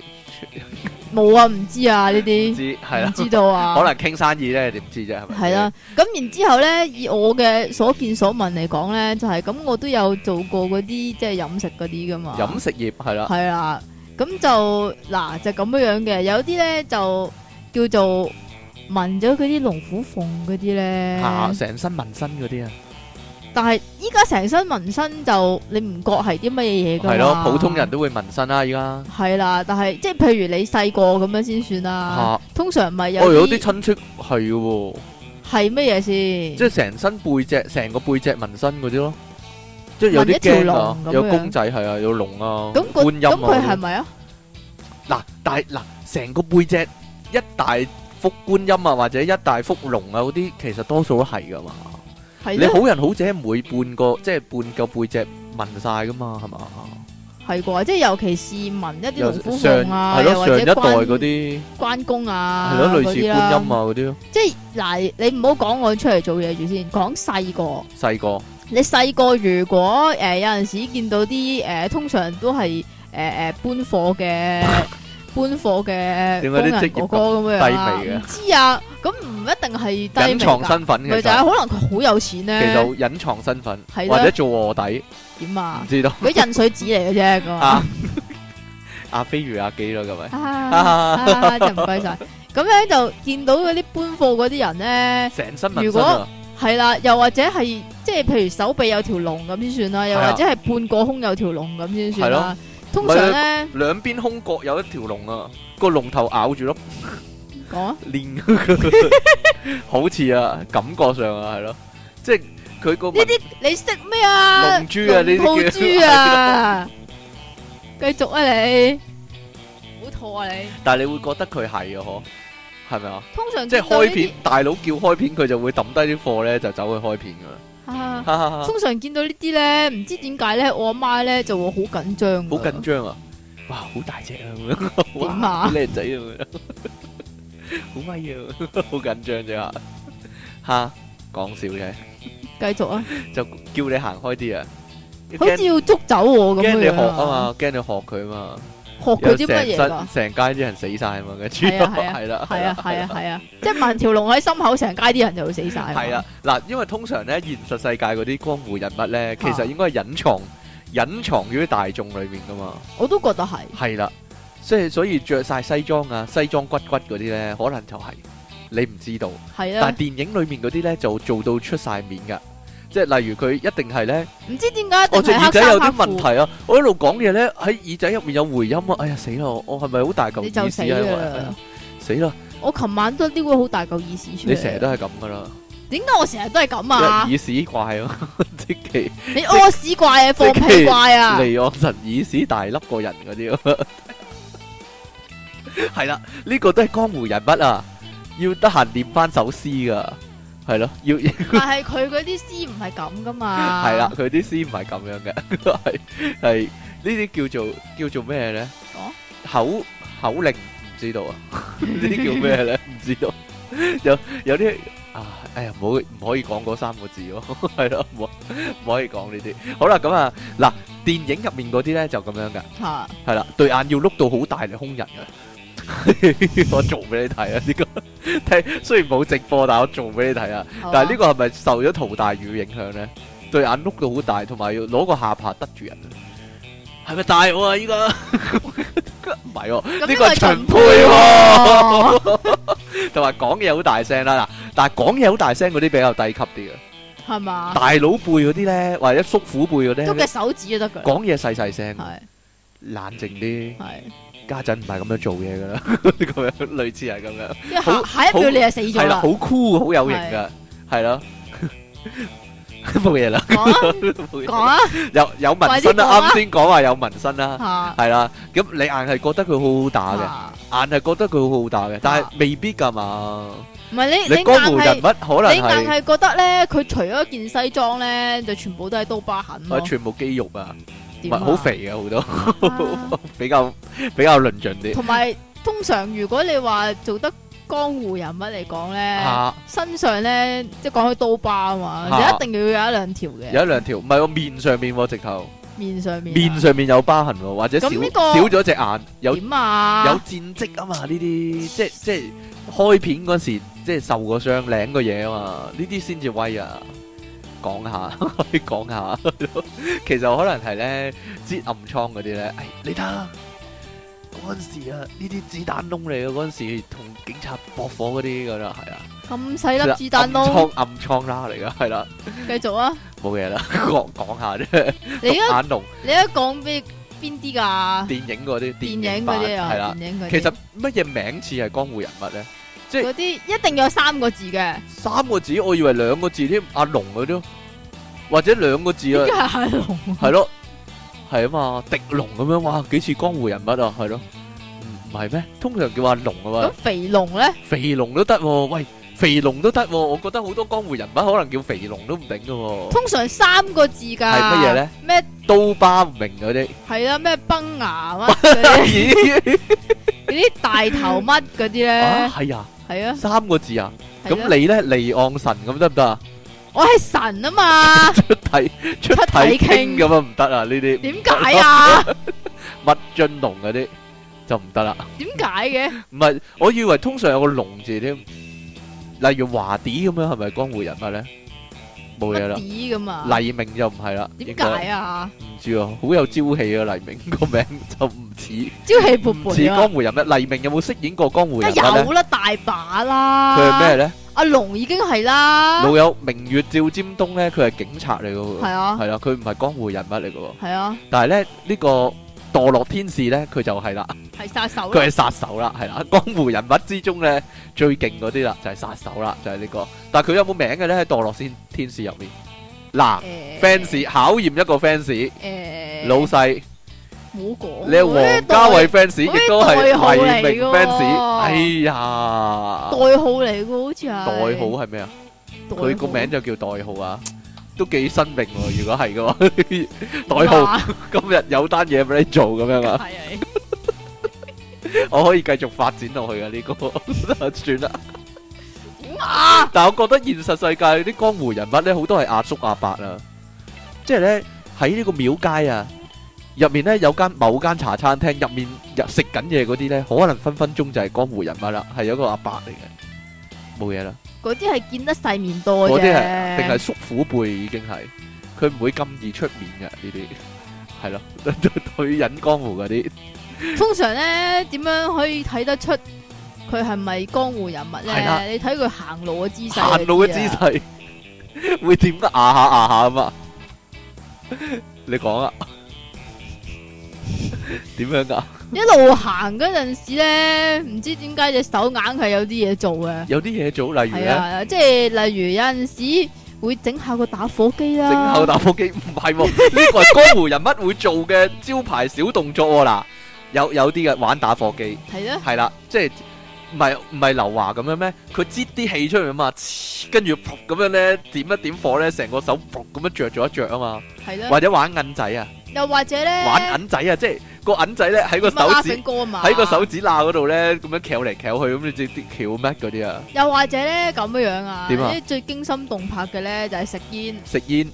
冇啊，唔知啊呢啲，唔知係啦，唔知道啊，可能傾生意咧，點知啫係咪？係啦，咁然之後咧，以我嘅所見所聞嚟講咧，就係咁，我都有做過嗰啲即係飲食嗰啲噶嘛。飲食業係啦，係啦，咁就嗱就咁樣樣嘅，有啲咧就叫做紋咗嗰啲龍虎鳳嗰啲咧，成身紋身嗰啲啊。但係依家成身紋身就你唔覺係啲乜嘢嘢㗎？係咯，普通人都會紋身啦，依家。係啦，但係即係譬如你細個咁樣先算啦。通常唔係有。哦，有啲親戚係喎。係乜嘢先？即係成身背脊，成個背脊紋身嗰啲咯。即係有啲驚啊！有公仔係啊，有龍啊。咁，觀音啊。咁佢係咪啊？嗱，但係嗱成個背脊一大幅觀音啊，或者一大幅龍啊嗰啲，其實多數都係㗎嘛。你好人好姐每半個即係半嚿背脊紋晒噶嘛，係嘛？係啩，即係尤其是聞一啲農夫鳳啊，或者上一代啲關公啊係咯，類似觀音啊嗰啲咯。即係嗱你唔好講我出嚟做嘢住先，講細個。細個。你細個如果誒有陣時見到啲誒通常都係誒誒搬貨嘅。搬貨嘅啲職業哥咁樣啊？唔知啊，咁唔一定係低微噶。隱藏身份嘅就係可能佢好有錢咧。做隱藏身份，或者做卧底。點啊？唔知道嗰印水紙嚟嘅啫咁啊！阿飛與阿基咯咁咪，就唔該曬。咁樣就見到嗰啲搬貨嗰啲人咧，成身紋身啊！如果係啦，又或者係即係譬如手臂有條龍咁先算啦，又或者係半個胸有條龍咁先算啦。通常咧，兩邊空角有一條龍啊，個龍頭咬住咯。講啊，連好似啊，感覺上啊係咯，即係佢個。呢啲你識咩啊？龍珠啊，呢啲叫。繼續啊，你好肚啊，你。但係你會覺得佢係啊，嗬，係咪啊？通常即係開片，大佬叫開片，佢就會抌低啲貨咧，就走去開片噶啦。啊，啊通常見到呢啲咧，唔 知點解咧，我阿媽咧就會好緊張。好緊張啊！哇，好大隻啊！點啊，啊， 啊？好叻仔啊！好乜嘢？好緊張啫吓！吓，講笑啫。繼續啊！ 就叫你行開啲啊！好似要捉走我咁怕啊！驚你學啊你學嘛，驚你學佢啊嘛。學佢啲乜嘢，成街啲人死晒嘛，全部係啦，係啊，係啊，係啊，即係萬條龍喺心口，成街啲人就會死晒。係啦，嗱，因為通常咧，現實世界嗰啲江湖人物咧，其實應該係隱藏、隱藏於大眾裏面噶嘛我都覺得係。係啦，即係所以着晒西裝啊，西裝骨骨嗰啲咧，可能就係你唔知道。係啊，但係電影裏面嗰啲咧就做到出晒面噶即係例如佢一定係咧，唔知點解？我隻耳仔有啲問題啊！我一路講嘢咧，喺耳仔入面有回音啊！哎呀死啦！我我係咪好大嚿耳屎啊？死啦！我琴晚都啲好大嚿耳屎出嚟。你成日都係咁噶啦？點解我成日都係咁啊？耳屎怪咯，你屙屎怪啊，放屁怪啊，離岸神耳屎大粒過人嗰啲咯。係啦，呢個都係江湖人物啊，要得閒念翻首詩噶。係咯，要，要但係佢嗰啲詩唔係咁噶嘛？係啦，佢啲詩唔係咁樣嘅，係係呢啲叫做叫做咩咧、啊？口口令唔知道啊！呢啲叫咩咧？唔知道， 知道 有有啲啊，哎呀，唔好唔可以講嗰三個字咯，係 咯，唔可以講呢啲。好啦，咁啊，嗱，電影入面嗰啲咧就咁樣噶，係啦、啊，對眼要碌到好大嚟兇人嘅。我做俾你睇啊！呢個睇雖然冇直播，但係我做俾你睇啊！但係呢個係咪受咗陶大宇影響咧？對眼碌到好大，同埋要攞個下巴得住人，係咪大宇啊？依個唔係哦，呢個秦配喎，同埋講嘢好大聲啦！嗱，但係講嘢好大聲嗰啲比較低級啲嘅，係嘛？大佬輩嗰啲咧，或者叔父輩嗰啲，捉隻手指就得噶啦。講嘢細細聲，係冷靜啲，係。家陣唔係咁樣做嘢噶啦，咁樣類似係咁樣。下一句你又死咗啦！好酷，好有型噶，係咯，冇嘢啦。講講有有紋身啦，啱先講話有紋身啦，係啦。咁你硬係覺得佢好好打嘅，硬係覺得佢好好打嘅，但係未必㗎嘛。唔係你你江湖人物可能你硬係覺得咧，佢除咗件西裝咧，就全部都係刀疤痕咯，全部肌肉啊！好肥嘅，好多、啊、 比較比較論盡啲。同埋通常如果你話做得江湖人物嚟講咧，啊、身上咧即係講開刀疤啊嘛，啊就一定要有一兩條嘅。有一兩條，唔係個面上面喎、啊，直頭面上面、啊、面上面有疤痕，或者少這少咗隻眼，有點、啊、有戰績啊嘛？呢啲即係即係開片嗰時即係受過傷領個嘢啊嘛？呢啲先至威啊！講下，你講下，其實可能係咧，啲暗瘡嗰啲咧，哎，你睇嗰陣時啊，呢啲子彈窿嚟嘅，嗰陣時同警察搏火嗰啲咁啦，係啊，咁細粒子彈窿，暗瘡啦嚟噶，係啦，繼續啊，冇嘢啦，講講下啫，阿龍，你一講邊邊啲噶？電影嗰啲，電影嗰啲啊，係啦，其實乜嘢名字係江湖人物咧？即係嗰啲一定有三個字嘅，三個字，我以為兩個字添，阿龍嗰啲。或者兩個字啊，係咯，係啊嘛，滴龍咁樣哇，幾似江湖人物啊，係咯，唔係咩？通常叫話龍啊嘛，咁肥龍咧，肥龍都得，喂，肥龍都得，我覺得好多江湖人物可能叫肥龍都唔頂噶，通常三個字噶，係乜嘢咧？咩刀疤明嗰啲，係啊，咩崩牙啊，嗰啲大頭乜嗰啲咧，係啊，係啊，三個字啊，咁你咧，離岸神咁得唔得啊？我係神啊嘛，出體出體傾咁啊唔得啊呢啲，點解啊？麥晉龍嗰啲就唔得啦？點解嘅？唔係，我以為通常有個龍字添，例如華啲咁樣，係咪江湖人物咧？冇嘢啦，啲咁啊？黎明就唔係啦，點解啊？唔知哦，好有朝氣啊！黎明個名就唔似，朝氣勃勃，唔似江湖人物。黎明有冇飾演過江湖人物咧？大把啦，佢係咩咧？阿龍已經係啦，老友明月照尖東咧，佢係警察嚟噶喎，係啊，係啦，佢唔係江湖人物嚟噶喎，係啊。但係咧，呢個墮落天使咧，佢就係啦，係殺手，佢係殺手啦，係啦，江湖人物之中咧，最勁嗰啲啦，就係殺手啦，就係呢個。但係佢有冇名嘅咧？喺墮落先天使入面，嗱 fans 考驗一個 fans，誒老細。唔好講，你係黃家偉 fans 亦都係黎明 fans，哎呀，代號嚟嘅，好似係，代號係咩啊？佢個名就叫代號啊，都幾新穎喎！如果係嘅話，代號今日有單嘢俾你做咁樣啊？我可以繼續發展落去啊！呢個算啦，啊！但係我覺得現實世界啲江湖人物咧，好多係阿叔阿伯啊，即係咧喺呢個廟街啊。入面咧有間某間茶餐廳，入面入食緊嘢嗰啲咧，可能分分鐘就係江湖人物啦，係有一個阿伯嚟嘅，冇嘢啦。嗰啲係見得世面多啲，定係叔父輩已經係，佢唔會咁易出面嘅呢啲，係咯，對隱江湖嗰啲。通常咧，點樣可以睇得出佢係咪江湖人物咧？你睇佢行路嘅姿勢，行路嘅姿勢會點得牙下牙下啊嘛？你講啊！點樣噶？一路行嗰陣時咧，唔知點解隻手硬，係有啲嘢做嘅，有啲嘢做，例如咧，即係例如有陣時會整下個打火機啦。整下個打火機唔係喎，呢個江湖人物會做嘅招牌小動作嗱，有有啲嘅玩打火機係咯，係啦，即係唔係唔係劉華咁樣咩？佢擠啲氣出嚟啊嘛，跟住扑咁樣咧點一點火咧，成個手扑咁樣着咗一着啊嘛，係或者玩銀仔啊。又或者咧玩銀仔啊，即係個銀仔咧喺個手指喺、啊、個手指罅嗰度咧，咁樣翹嚟翹去，咁你最啲翹咩嗰啲啊？劍劍又或者咧咁樣樣啊？啲、啊、最驚心動魄嘅咧就係食煙。食煙，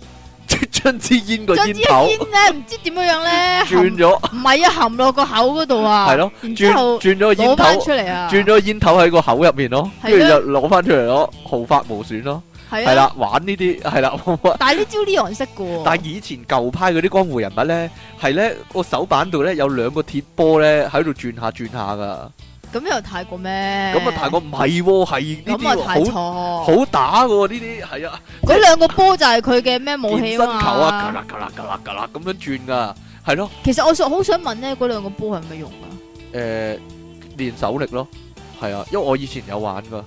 將支煙個煙頭咧唔知點樣樣咧，轉咗、啊。唔係一含落個口嗰度啊。係咯，轉轉咗個煙頭出嚟啊！轉咗個煙頭喺個口入面咯，跟住的就攞翻出嚟咯，毫髮無損咯。係啦，玩呢啲係啦，但係呢招呢樣識噶。但係以前舊派嗰啲江湖人物咧，係咧個手板度咧有兩個鐵波咧喺度轉下轉下噶。咁又太過咩？咁啊太過唔係，係呢啲好好打噶呢啲，係啊。嗰兩個波就係佢嘅咩武器嘛？健身球啊，咁樣轉噶，係咯。其實我想好想問咧，嗰兩個波係咪用啊？誒，練手力咯，係啊，因為我以前有玩噶。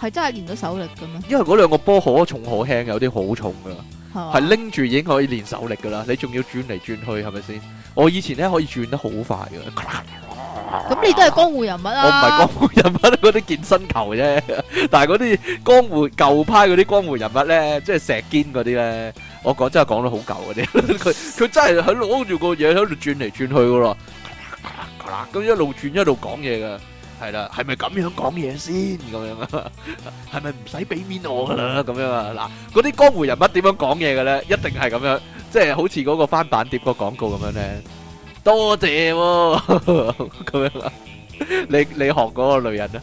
係真係練到手力嘅咩？因為嗰兩個波好重好輕，有啲好重噶，係拎住已經可以練手力噶啦。你仲要轉嚟轉去，係咪先？我以前咧可以轉得好快嘅。咁你都係江湖人物啊？我唔係江湖人物，都係嗰啲健身球啫。但係嗰啲江湖舊派嗰啲江湖人物咧，即係石堅嗰啲咧，我講真係講得好舊嗰啲。佢 佢真係喺度攞住個嘢喺度轉嚟轉去噶咯，咁一路轉一路講嘢噶。係啦，係咪咁樣講嘢先咁樣啊？係咪唔使俾面我噶啦？咁樣啊？嗱，嗰啲江湖人物點樣講嘢嘅咧？一定係咁樣，即係好似嗰個翻版碟個廣告咁樣咧。多謝咁樣啊！你你學嗰個女人啊？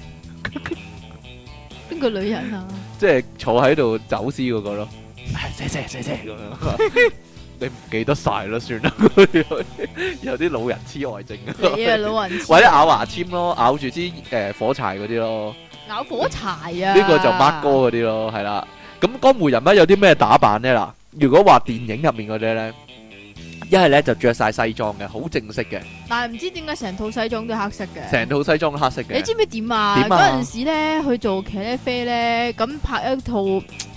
邊個女人啊？即係坐喺度走私嗰個咯。謝謝謝謝咁樣。你唔記得晒啦，算啦。 有啲老人痴呆症啊， 或者咬牙籤咯，咬住支誒火柴嗰啲咯，咬火柴啊！呢個就 Mark 哥嗰啲咯，係啦。咁江湖人物有啲咩打扮咧？嗱，如果話電影入面嗰啲咧，一係咧就着晒西裝嘅，好正式嘅。但係唔知點解成套西裝都黑色嘅。成套西裝都黑色嘅。你知唔知點啊？嗰陣、啊、時咧去做茄喱啡咧，咁拍一套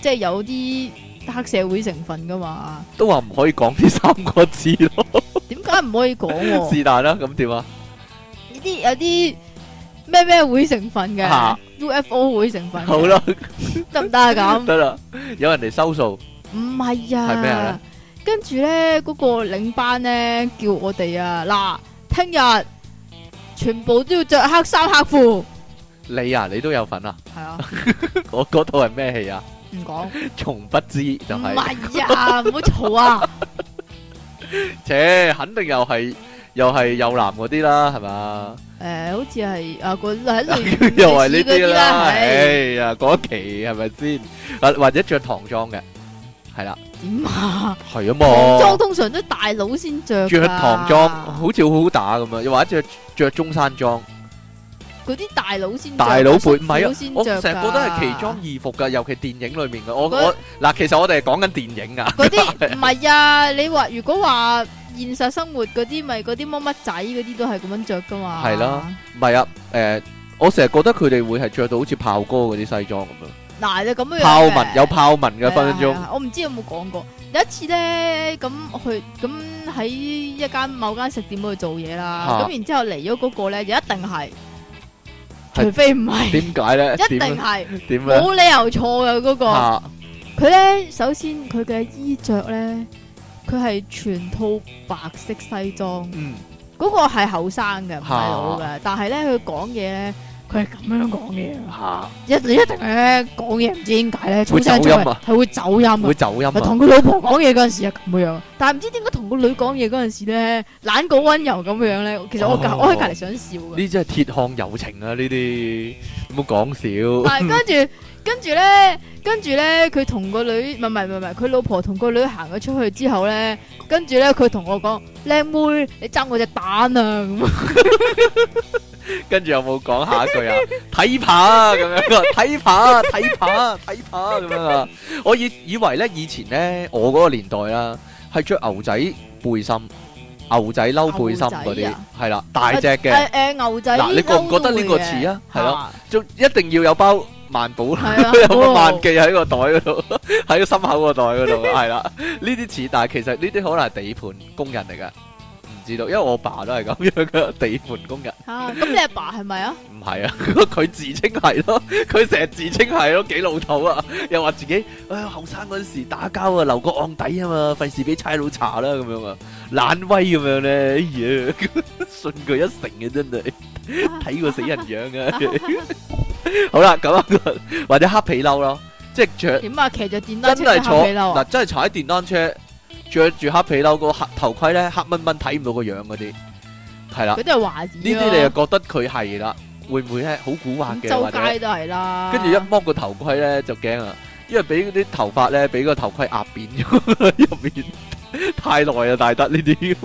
即係有啲。黑社會成分噶嘛，都話唔可以講呢三個字咯。點解唔可以講？是但啦，咁點啊？呢啲有啲咩咩會成分嘅 UFO 會成分，好咯，得唔得啊？咁得啦，有人嚟收數，唔係啊。係咩？跟住咧，嗰個領班咧叫我哋啊，嗱，聽日全部都要着黑衫黑褲。你啊，你都有份啊？係啊，我嗰套係咩戲啊？講從不知就係唔係呀？唔好嘈啊！且、 啊、 肯定又係又係幼男嗰啲啦，係咪？誒、欸，好似係啊，嗰、那、係、個那個、 又係呢啲啦，係呀是，國、欸那個、旗係咪先？或或者着唐裝嘅，係啦？點啊？係啊嘛！唐裝通常都大佬先着。着唐裝好似好好打咁啊！又或者着着中山裝。啲大佬先，大佬背唔係啊！我成部都係奇裝異服噶，尤其電影裏面噶。我那我嗱，其實我哋係講緊電影噶。嗰啲唔係啊！你話如果話現實生活嗰啲，咪嗰啲乜乜仔嗰啲都係咁樣着噶嘛？係咯，唔係啊！誒、啊啊呃，我成日覺得佢哋會係着到好似炮哥嗰啲西裝咁咯。嗱、啊，你咁樣，泡紋有泡紋嘅分分鐘、啊啊啊。我唔知有冇講過。有一次咧，咁去咁喺一間某間食店度做嘢啦。咁、啊、然之後嚟咗嗰個咧，就一定係。除非唔係，點解咧？一定係，點解咧？冇理由錯嘅嗰，那個。佢咧，啊，首先佢嘅衣着咧，佢係全套白色西裝。嗯，嗰個係後生嘅，唔係老嘅。啊，但係咧，佢講嘢咧。佢係咁樣，講嘢，一、啊、一定咧講嘢唔知點解咧，總之係會走音啊！會走音啊！同佢老婆講嘢嗰陣時係咁樣，但係唔知點解同個女講嘢嗰陣時咧，懶惰温柔咁樣咧。其實我、哦、我，我隔我喺隔籬想笑。呢啲係鐵漢柔情啊！呢啲有冇講笑。係跟住跟住咧，跟住咧，佢同個女唔係唔係唔係佢老婆同個女行咗出去之後咧，跟住咧佢同我講：靚妹文，文你爭我隻蛋啊！ 跟住有冇講下一句啊？睇扒啊咁樣啊，睇扒，睇扒、啊，睇扒咁樣啊！我以以為咧，以前咧，我嗰個年代啦、啊，係着牛仔背心，牛仔褸背心嗰啲，係啦、啊，大隻嘅。誒誒、啊啊啊，牛仔嗱、啊，你覺唔覺得呢個詞的啊？係咯，仲一定要有包萬寶，的 有個萬記喺個袋嗰度，喺個心口個袋嗰度，係啦。呢啲詞，但係其實呢啲可能係地盤工人嚟噶。知道，因為我爸都係咁樣嘅地盤工人。嚇，咁你阿爸係咪啊？唔係 啊，佢自稱係咯，佢成日自稱係咯，幾老土啊，又話自己，哎呀後生嗰陣時打交啊，留個案底啊嘛，費事俾差佬查啦咁樣啊，懶威咁樣咧，哎 信佢一成嘅、啊、真係，睇、啊、 個死人樣啊！啊啊啊 好啦，咁啊或者黑皮褸咯，即係著點啊？騎着電單車黑皮褸嗱、呃，真係踩電單車。着住黑皮褸個黑頭盔咧，黑蚊蚊睇唔到個樣，嗰啲係啦，呢啲你又覺得佢係啦，會唔會咧好古惑嘅？周街都係啦。跟住一剝個頭盔咧就驚啊，因為俾啲頭髮咧俾個頭盔壓扁咗入 裡面， 太耐啊大得呢啲。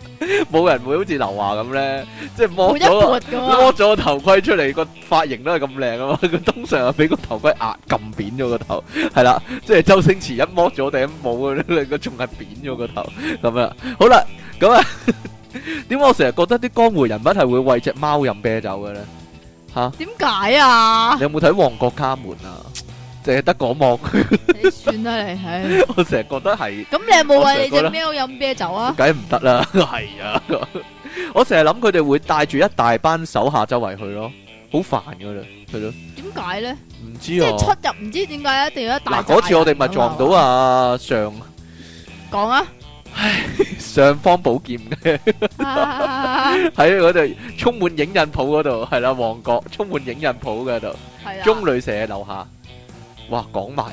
冇人會好似劉華咁咧，即係摸咗摸咗個頭盔出嚟，個髮型都係咁靚啊嘛！佢通常係俾個頭盔壓撳扁咗個頭，係啦，即係周星馳一摸咗頂帽啊，你個仲係扁咗個頭咁啊！好啦，咁啊，點解我成日覺得啲江湖人物係會喂隻貓飲啤酒嘅咧？吓，點解啊？你有冇睇《旺角卡門》啊？淨係得個幕，算啦你，唉，我成日覺得係。咁你有冇喂你隻貓飲啤酒啊？梗係唔得啦，係啊，我成日諗佢哋會帶住一大班手下周圍去咯，好煩噶啦，係咯。點解咧？唔知啊，即係出入唔知點解一定要一大班。嗱，嗰次我哋咪撞到阿尚，講啊，唉，尚方寶劍，喺嗰度充滿影印鋪嗰度，係啦，旺角充滿影印鋪嗰度，中旅社喺樓下。哇，講埋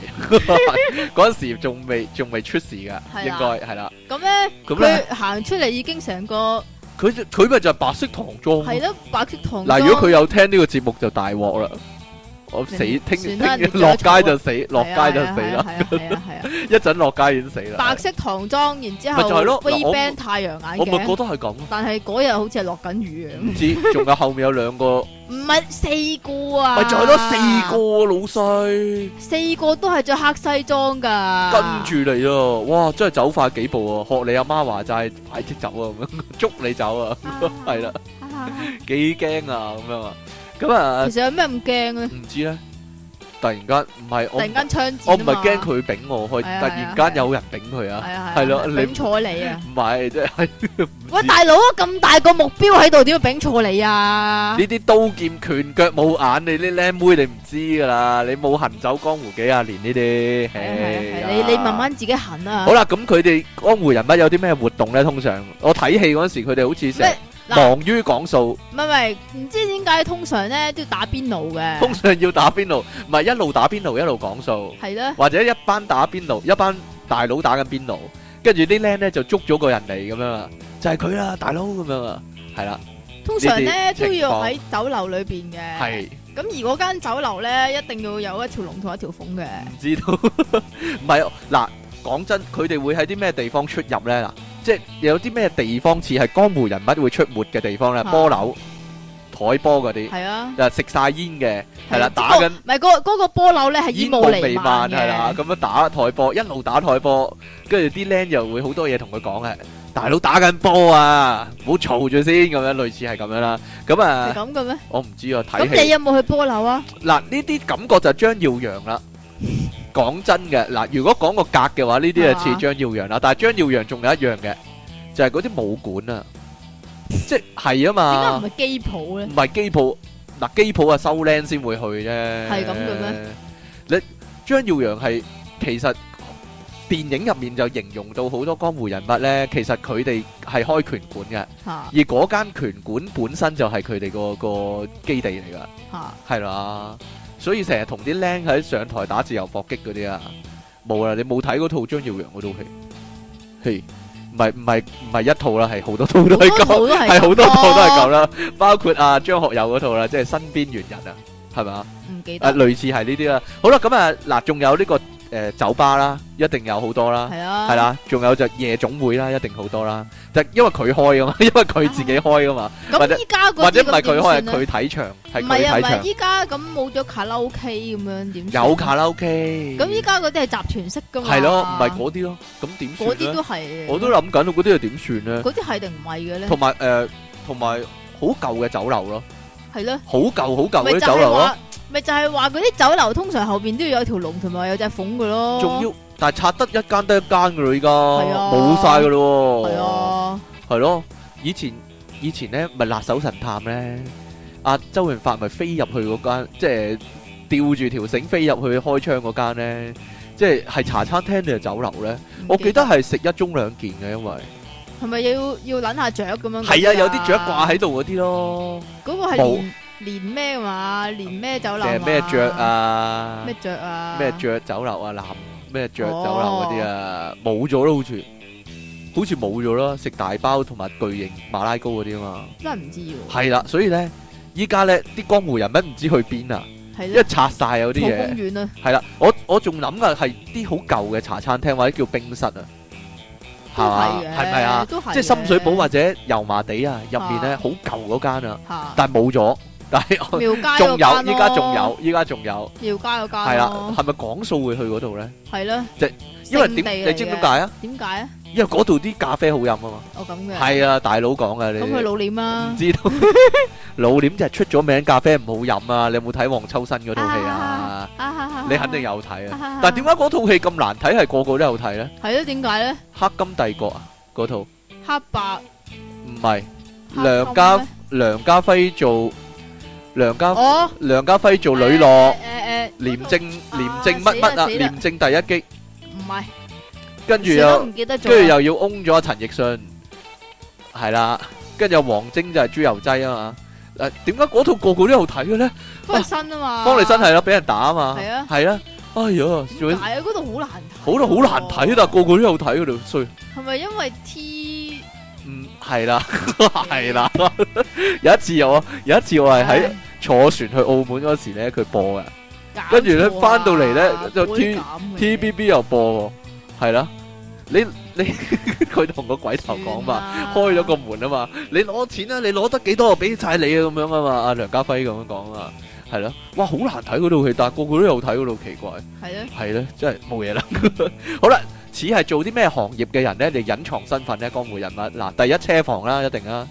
嗰陣時仲未仲未出事噶，的應該係啦。咁咧，咁佢行出嚟已經成個，佢佢咪就係白色唐裝。係咯，白色唐裝。嗱，如果佢有聽呢個節目就大鑊啦。我死聽落街就死，落街就死啦！一陣落街已經死啦。白色唐裝，然之後威 band 太陽眼鏡，我咪覺得係咁。但係嗰日好似係落緊雨啊。唔知，仲有後面有兩個。唔係四個啊。咪仲係多四個老細。四個都係着黑西裝噶。跟住嚟啊！哇，真係走快幾步啊！學你阿媽話齋，快啲走啊！咁樣捉你走啊！係啦，幾驚啊！咁樣啊？咁啊！其實有咩咁驚咧？唔知咧，突然間唔係突然間槍戰，我唔係驚佢抦我，開突然間有人抦佢啊，係咯，抦錯你啊！唔係啫，喂，大佬，咁大個目標喺度，點會抦錯你啊？呢啲刀劍拳腳冇眼，你啲靚妹你唔知噶啦，你冇行走江湖幾廿年呢啲，你你慢慢自己行啦。好啦，咁佢哋江湖人物有啲咩活動咧？通常我睇戲嗰陣時，佢哋好似成。忙於講數，唔係唔係，唔知點解通常咧都要打邊爐嘅。通常要打邊爐，唔係一路打邊爐一路講數，係咯。或者一班打邊爐，一班大佬打緊邊爐，跟住啲靚咧就捉咗個人嚟咁樣啊，就係佢啦大佬咁樣啊，係啦。通常咧都要喺酒樓裏邊嘅，係。咁而嗰間酒樓咧一定要有一條龍同一條鳳嘅。唔知道，唔係嗱，講真，佢哋會喺啲咩地方出入咧嗱？即係有啲咩地方似係江湖人物會出沒嘅地方咧？波樓台波嗰啲係啊，嗱食晒煙嘅係啦，打緊唔係嗰嗰個波樓咧係煙霧彌漫係啦，咁樣打台波，一路打台波，跟住啲僆，又會好多嘢同佢講嘅，大佬打緊波啊，唔好嘈住先咁樣，類似係咁樣啦。咁啊係咁嘅咩？我唔知啊，睇，咁你有冇去波樓啊？嗱呢啲感覺就張耀揚啦。講真嘅，嗱，如果講個格嘅話，呢啲就似張耀揚啦，但係張耀揚仲有一樣嘅，就係嗰啲武館啊，即係啊嘛，點解唔係機鋪呢？唔係機鋪，嗱機鋪啊收靚先會去啫，係咁嘅咩？你張耀揚係其實電影入面就形容到好多江湖人物呢，其實佢哋係開拳館嘅，而嗰間拳館本身就係佢哋個個基地嚟噶，係啦。所以成日同啲僆喺上台打自由搏擊嗰啲啊，冇啦，你冇睇嗰套張耀揚嗰套戲，戲唔係唔係唔係一套啦，係好多套都係咁，係好多，多套都係咁啦，包括啊張學友嗰套啦，即係《身邊猿人》啊，係咪？唔記得啊，類似係呢啲啦。好啦，咁啊嗱，仲有呢、呢個。誒，酒吧啦，一定有好多啦，係啊，係啦，仲有就夜總會啦，一定好多啦。就因為佢開噶嘛，因為佢自己開噶嘛。咁依家嗰啲，或者唔係佢開，係佢睇場，係係啊，唔係依家咁冇咗卡拉 OK 咁樣，點？有卡拉 OK。咁依家嗰啲係集團式噶嘛？係咯，唔係嗰啲咯。咁點？嗰啲都係。我都諗緊，嗰啲係點算咧？嗰啲係定唔係嘅咧？同埋誒，同埋好舊嘅酒樓咯，係咯，好舊好舊嗰啲酒樓咯。咪就係話嗰啲酒樓通常後邊都要有條龍同埋有隻鳳嘅咯，仲要但係拆得一間得一間噶啦，依家冇晒噶啦，係啊，係咯，以前以前咧咪《辣手神探》咧，阿周潤發咪飛入去嗰間，即係吊住條繩飛入去開槍嗰間咧，即係係茶餐廳定係酒樓咧？我記得係食一盅兩件嘅，因為係咪要要撚下雀咁樣？係啊，有啲雀掛喺度嗰啲咯，嗰個係。連咩話，連咩酒樓啊？咩雀啊？咩雀啊？咩雀酒樓啊？南咩雀酒樓嗰啲啊？冇咗咯，好似好似冇咗咯，食大包同埋巨型馬拉糕嗰啲啊嘛！真係唔知喎。係啦，所以咧，依家咧啲江湖人物唔知去邊啊，因為拆晒嗰啲嘢。公園啦。係啦，我我仲諗噶係啲好舊嘅茶餐廳或者叫冰室啊，係嘛？係咪啊？都係，即係深水埗或者油麻地啊，入面咧好舊嗰間啊，但係冇咗。但係仲有，依家仲有，依家仲有。廟街個家係啦，係咪講數會去嗰度咧？係咯，即係因為點？你知唔知點解啊？點解啊？因為嗰度啲咖啡好飲啊嘛。哦，咁嘅。係啊，大佬講啊你。咁佢老臉啦？唔知道，老臉就係出咗名咖啡唔好飲啊！你有冇睇黃秋生嗰套戲啊？你肯定有睇啊！但係點解嗰套戲咁難睇？係個個都有睇咧。係咯，點解咧？黑金帝國啊，嗰套。黑白唔係梁家梁家輝做。梁家梁家輝做女羅，誒誒，廉政廉政乜乜啊？廉政第一擊，唔係，跟住又跟住又要翁咗陳奕迅，係啦，跟住又王晶就係豬油擠啊嘛。誒，點解嗰套個個都有睇嘅咧？方力申啊嘛，方力申係啦，俾人打啊嘛，係啊，係啊，哎呀，係啊，嗰度好難睇，好到好難睇，但係個個都有睇嗰度衰。係咪因為 T？係啦，係啦。 有一次我，有一次我係喺坐船去澳門嗰時咧，佢播噶，跟住咧翻到嚟咧就 T TVB 又播喎，係啦。你你佢同個鬼頭講嘛，開咗個門啊嘛，你攞錢啦，啊，你攞得幾多就俾晒你啊，咁樣啊嘛，阿梁家輝咁樣講啊，係咯。哇，好難睇嗰套戲，但係個個都有睇嗰套，奇怪。係咧的，係咧，真係冇嘢啦。 好啦。似係做啲咩行業嘅人咧，你隱藏身份咧，江湖人物。嗱，第一車房啦，一定啊，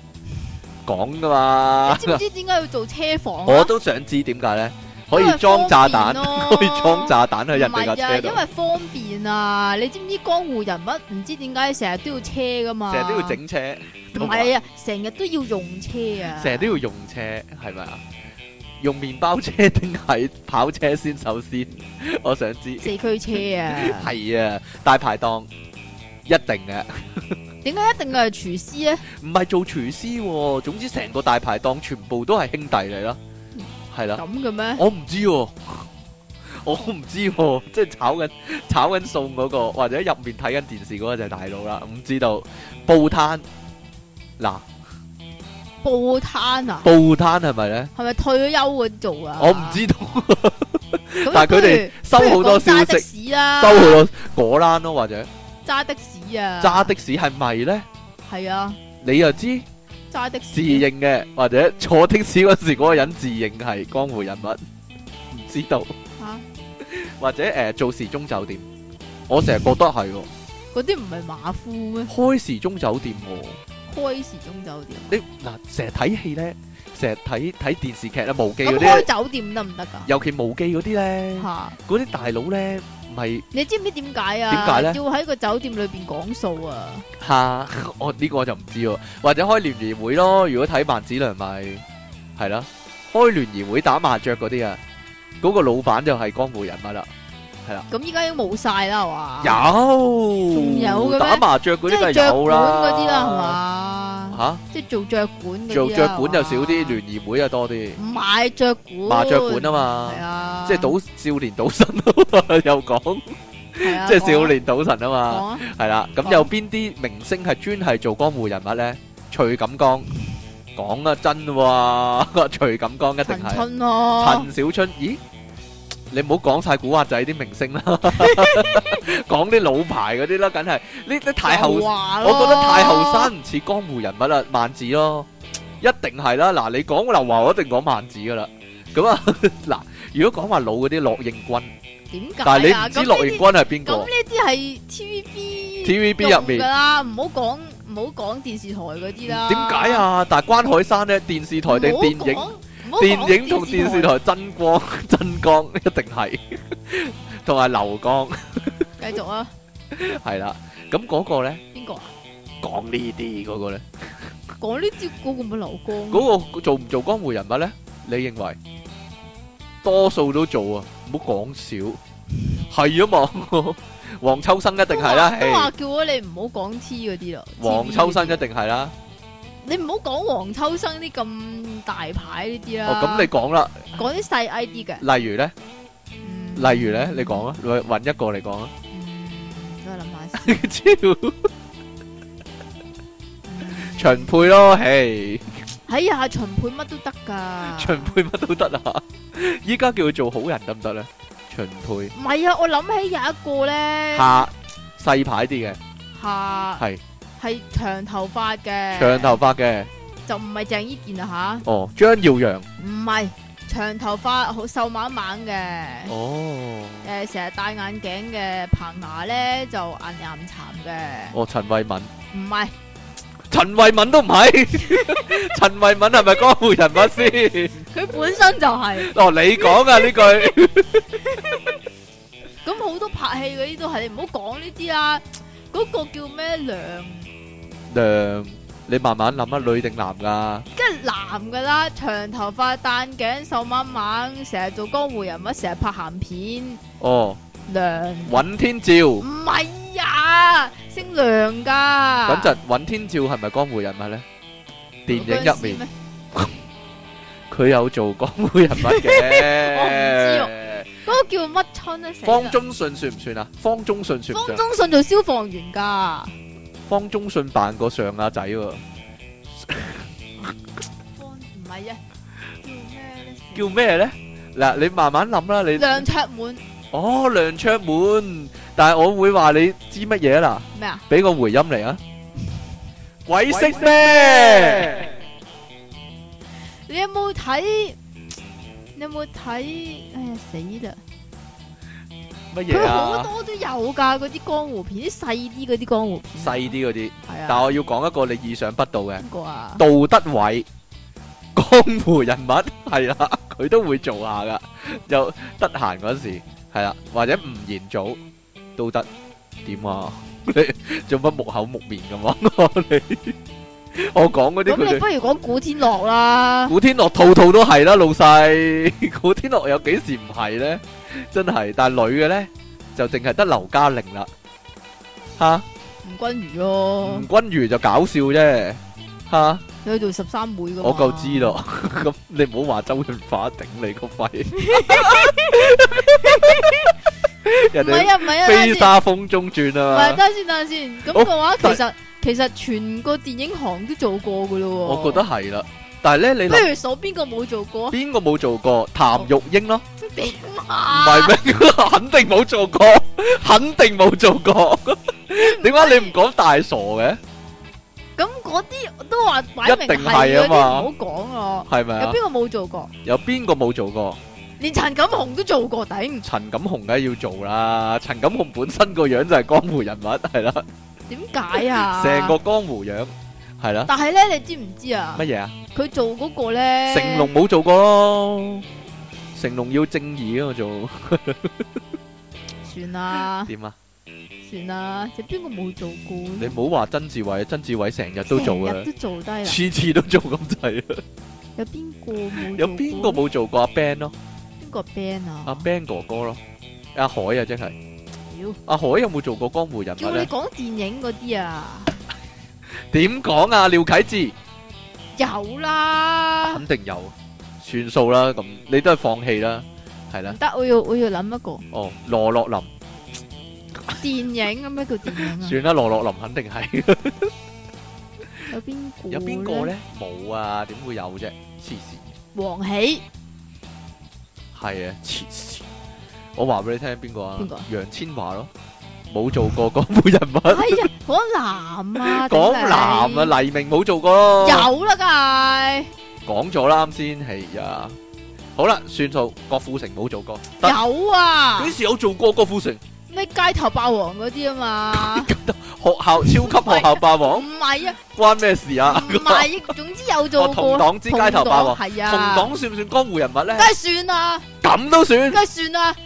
講噶嘛。你知唔知點解要做車房、啊？我都想知點解咧，可以裝炸彈，啊、可以裝炸彈去人哋架車度、啊、因為方便啊！你知唔知江湖人物唔知點解成日都要車噶嘛？成日都要整車。唔 係啊，成日都要用車啊。成日都要用車，係咪啊？用麵包車定係跑車先？首先，我想知四驅車啊，係啊， 大排檔一定嘅！點 解一定係廚師咧？唔係做廚師，啊，總之成個大排檔全部都係兄弟嚟啦，係啦，嗯，咁嘅咩？我唔知，我唔知，即係炒緊炒緊餸嗰個，或者入面睇緊電視嗰個就係大佬啦，唔知道煲攤嗱。報攤啊？報攤係咪咧？係咪退咗休嗰啲做啊？我唔知道。但係佢哋收好多小食啦，收好多果欄咯，或者揸的士啊？揸的士係咪咧？係啊。你又知揸的士自認嘅，或者坐的士嗰時嗰個人自認係江湖人物，唔知道。吓？或者誒，做時鐘酒店，我成日覺得係喎。嗰啲唔係馬夫咩？開時鐘酒店。開時鐘酒店，你嗱成日睇戲咧，成日睇睇電視劇啦，無記嗰啲開酒店得唔得噶？尤其無記嗰啲咧，嗰啲大佬咧，唔係，你知唔知點解啊？點解咧？要喺個酒店裏邊講數啊？吓，我呢個我就唔知喎。或者開聯誼會咯，如果睇萬梓良咪係啦，開聯誼會打麻雀嗰啲啊，嗰個老闆就係江湖人物啦。係啦，咁依家已經冇曬啦，係嘛？有，仲有嘅咩？打麻雀嗰啲都係有啦，嗰啲啦，係嘛？嚇！即係做雀館，做雀館就少啲，聯誼會啊多啲。唔係雀館，麻雀館啊嘛。係啊，即係賭少年賭神又講，即係少年賭神啊嘛。係啦，咁有邊啲明星係專係做江湖人物咧？徐錦江講得真喎，徐錦江一定係。陳小春，咦？你唔好講晒古惑仔啲明星啦，講啲 老牌嗰啲啦，梗係呢啲太后，我覺得太後生唔似江湖人物啦，萬子咯，一定係啦。嗱，你講劉華，我一定講萬子㗎啦。咁啊，嗱，如果講話老嗰啲，駱應鈞，點解、啊、但你唔知駱應鈞係邊個啊？咁呢啲係 TVBTVB 入面㗎啦，唔好講唔好講電視台嗰啲啦。點解啊？但係關海山咧，電視台定電影？電影同電視台爭光，爭光一定係，同埋劉剛。繼續啊，係啦，咁嗰個咧？邊個啊？講呢啲嗰個咧？講呢啲嗰個乜劉剛？嗰個做唔做江湖人物咧？你認為？多數都做啊，唔好講少，係啊嘛。黃秋生一定係啦。我都話叫你唔好講黐嗰啲咯。黃秋生一定係啦。你唔好講黃秋生啲咁大牌呢啲啦。哦，咁你講啦。講啲細 I D 嘅。例如咧，例如咧，你講啊，搵一個嚟講啊。我諗下先。超。秦沛咯，嘿。係啊，秦沛乜都得噶。秦沛乜都得啊！依家叫佢做好人得唔得咧？秦沛。唔係啊，我諗起有一個咧。吓，細牌啲嘅。吓。係。係長頭髮嘅，長頭髮嘅就唔係鄭伊健啊吓哦，張耀揚唔係長頭髮，好瘦蜢蜢嘅哦，誒，成日戴眼鏡嘅棚牙咧就硬硬慘嘅哦，陳惠敏唔係陳惠敏都唔係陳惠敏係咪江湖人物先？佢本身就係哦，你講啊呢句咁，好多拍戲嗰啲都係，你唔好講呢啲啊，嗰個叫咩梁？梁，你慢慢諗啊，女定男噶？即係男噶啦，長頭髮、戴頸、瘦蜢蜢，成日做江湖人物，成日拍鹹片。哦，梁尹的天照唔係啊，姓梁噶。咁就尹天照係咪江湖人物咧？電影入裡面，佢 有做江湖人物嘅。 我唔知嗰個叫乜春咧？方中信算唔算啊？方中信算，算。方中信做消防員噶。方中信扮個上啊仔喎，方唔係啊，叫咩咧？叫咩咧？嗱，你慢慢諗啦，你梁卓滿哦，梁卓滿，但係我會話你知乜嘢啊嗱？咩啊？俾個回音嚟啊！鬼識咩？你有冇睇？你有冇睇？哎呀，死咗！乜嘢啊？佢好多都有噶，嗰啲江湖片，啲細啲嗰啲江湖片細啲嗰啲係啊，但係我要講一個你意想不到嘅。邊個啊？杜德偉，江湖人物係啊，佢都會做下噶，就得閒嗰時係啦，或者吳彥祖都得，點啊？你做乜木口木面咁啊？我講嗰啲，咁你不如講古天樂啦。古天樂套套都係啦，老細，古天樂有幾時唔係咧？真係，但係女嘅咧，就淨係得劉嘉玲啦，吓，吳君如咯，吳君如就搞笑啫，吓，你去做十三妹噶嘛？我夠知咯，咁你唔好話周潤發頂你個肺，唔係啊，唔係啊，《飛砂風中轉》啊，唔係，等先，等先，咁嘅話其實其實全個電影行都做過噶咯，我覺得係啦。但係咧，你不如數邊個冇做過？邊個冇做過？譚玉英咯。點啊？唔係咩？肯定冇做過，肯定冇做過。點解你唔講大傻嘅？咁嗰啲都話一定係啊嘛，唔好講啊。係咪啊？有邊個冇做過？有邊個冇做過？連陳錦鴻都做過，頂。陳錦鴻梗係要做啦。陳錦鴻本身個樣就係江湖人物，係啦。點解啊？成個江湖樣。係啦，但係咧，你知唔知啊？乜嘢啊？佢做嗰個咧？成龍冇做過咯，成龍要正義啊，我做。算啦。點啊？算啦，有邊個冇做過？你唔好話曾志偉，曾志偉成日都做啊，都做低，次次都做咁滯啊！有邊個冇？有邊個冇做過阿 Ben 咯？邊個 Ben 啊？阿 Ben 哥哥咯，阿海啊真係。妖阿海有冇做過江湖人物咧？叫你講電影嗰啲啊！點講啊？廖啟智有啦，肯定有，算數啦。咁你都係放棄啦，係啦。得我要我要諗一個。哦，羅樂林電影咁咩叫電影。算啦，羅樂林肯定係。有邊個有邊個咧？冇啊，點會有啫？黐線。王喜係啊，黐線。我話俾你聽，邊個啊？邊個？楊千嬅咯。冇做過江湖人物，講男啊，講男啊，黎明冇做過咯，有啦，梗係講咗啦，啱先係呀，好啦，算數，郭富城冇做過，有啊，幾時有做過郭富城？咩街頭霸王嗰啲啊嘛？學校超級學校霸王唔係啊，關咩事啊？唔係，總之有做過。同黨之街頭霸王係啊，同黨算唔算江湖人物咧？梗係算啊，咁都算，梗係算啊。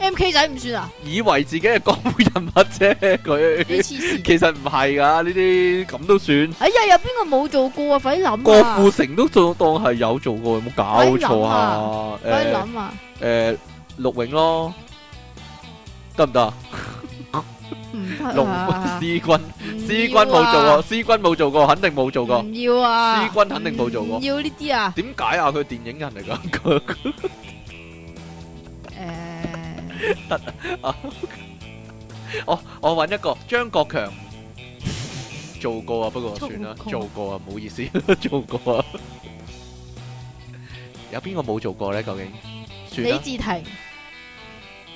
MK 仔唔算啊？以為自己係江湖人物啫，佢其實唔係噶，呢啲咁都算。哎呀，有邊個冇做過啊？快諗啊！郭富城都做當係有做過，有冇搞錯啊！快諗啊！誒，陸永咯，得唔得？唔得啊！龍軍、師軍、師軍冇做過，師軍冇做過，肯定冇做過。唔要啊！師軍肯定冇做過。唔要呢啲啊？點解啊？佢係電影人嚟噶。得、 哦、我我揾一個張國強 做過啊，不過算啦，做過啊，唔好意思，做過啊。 有邊個冇做過咧？究竟？李治廷係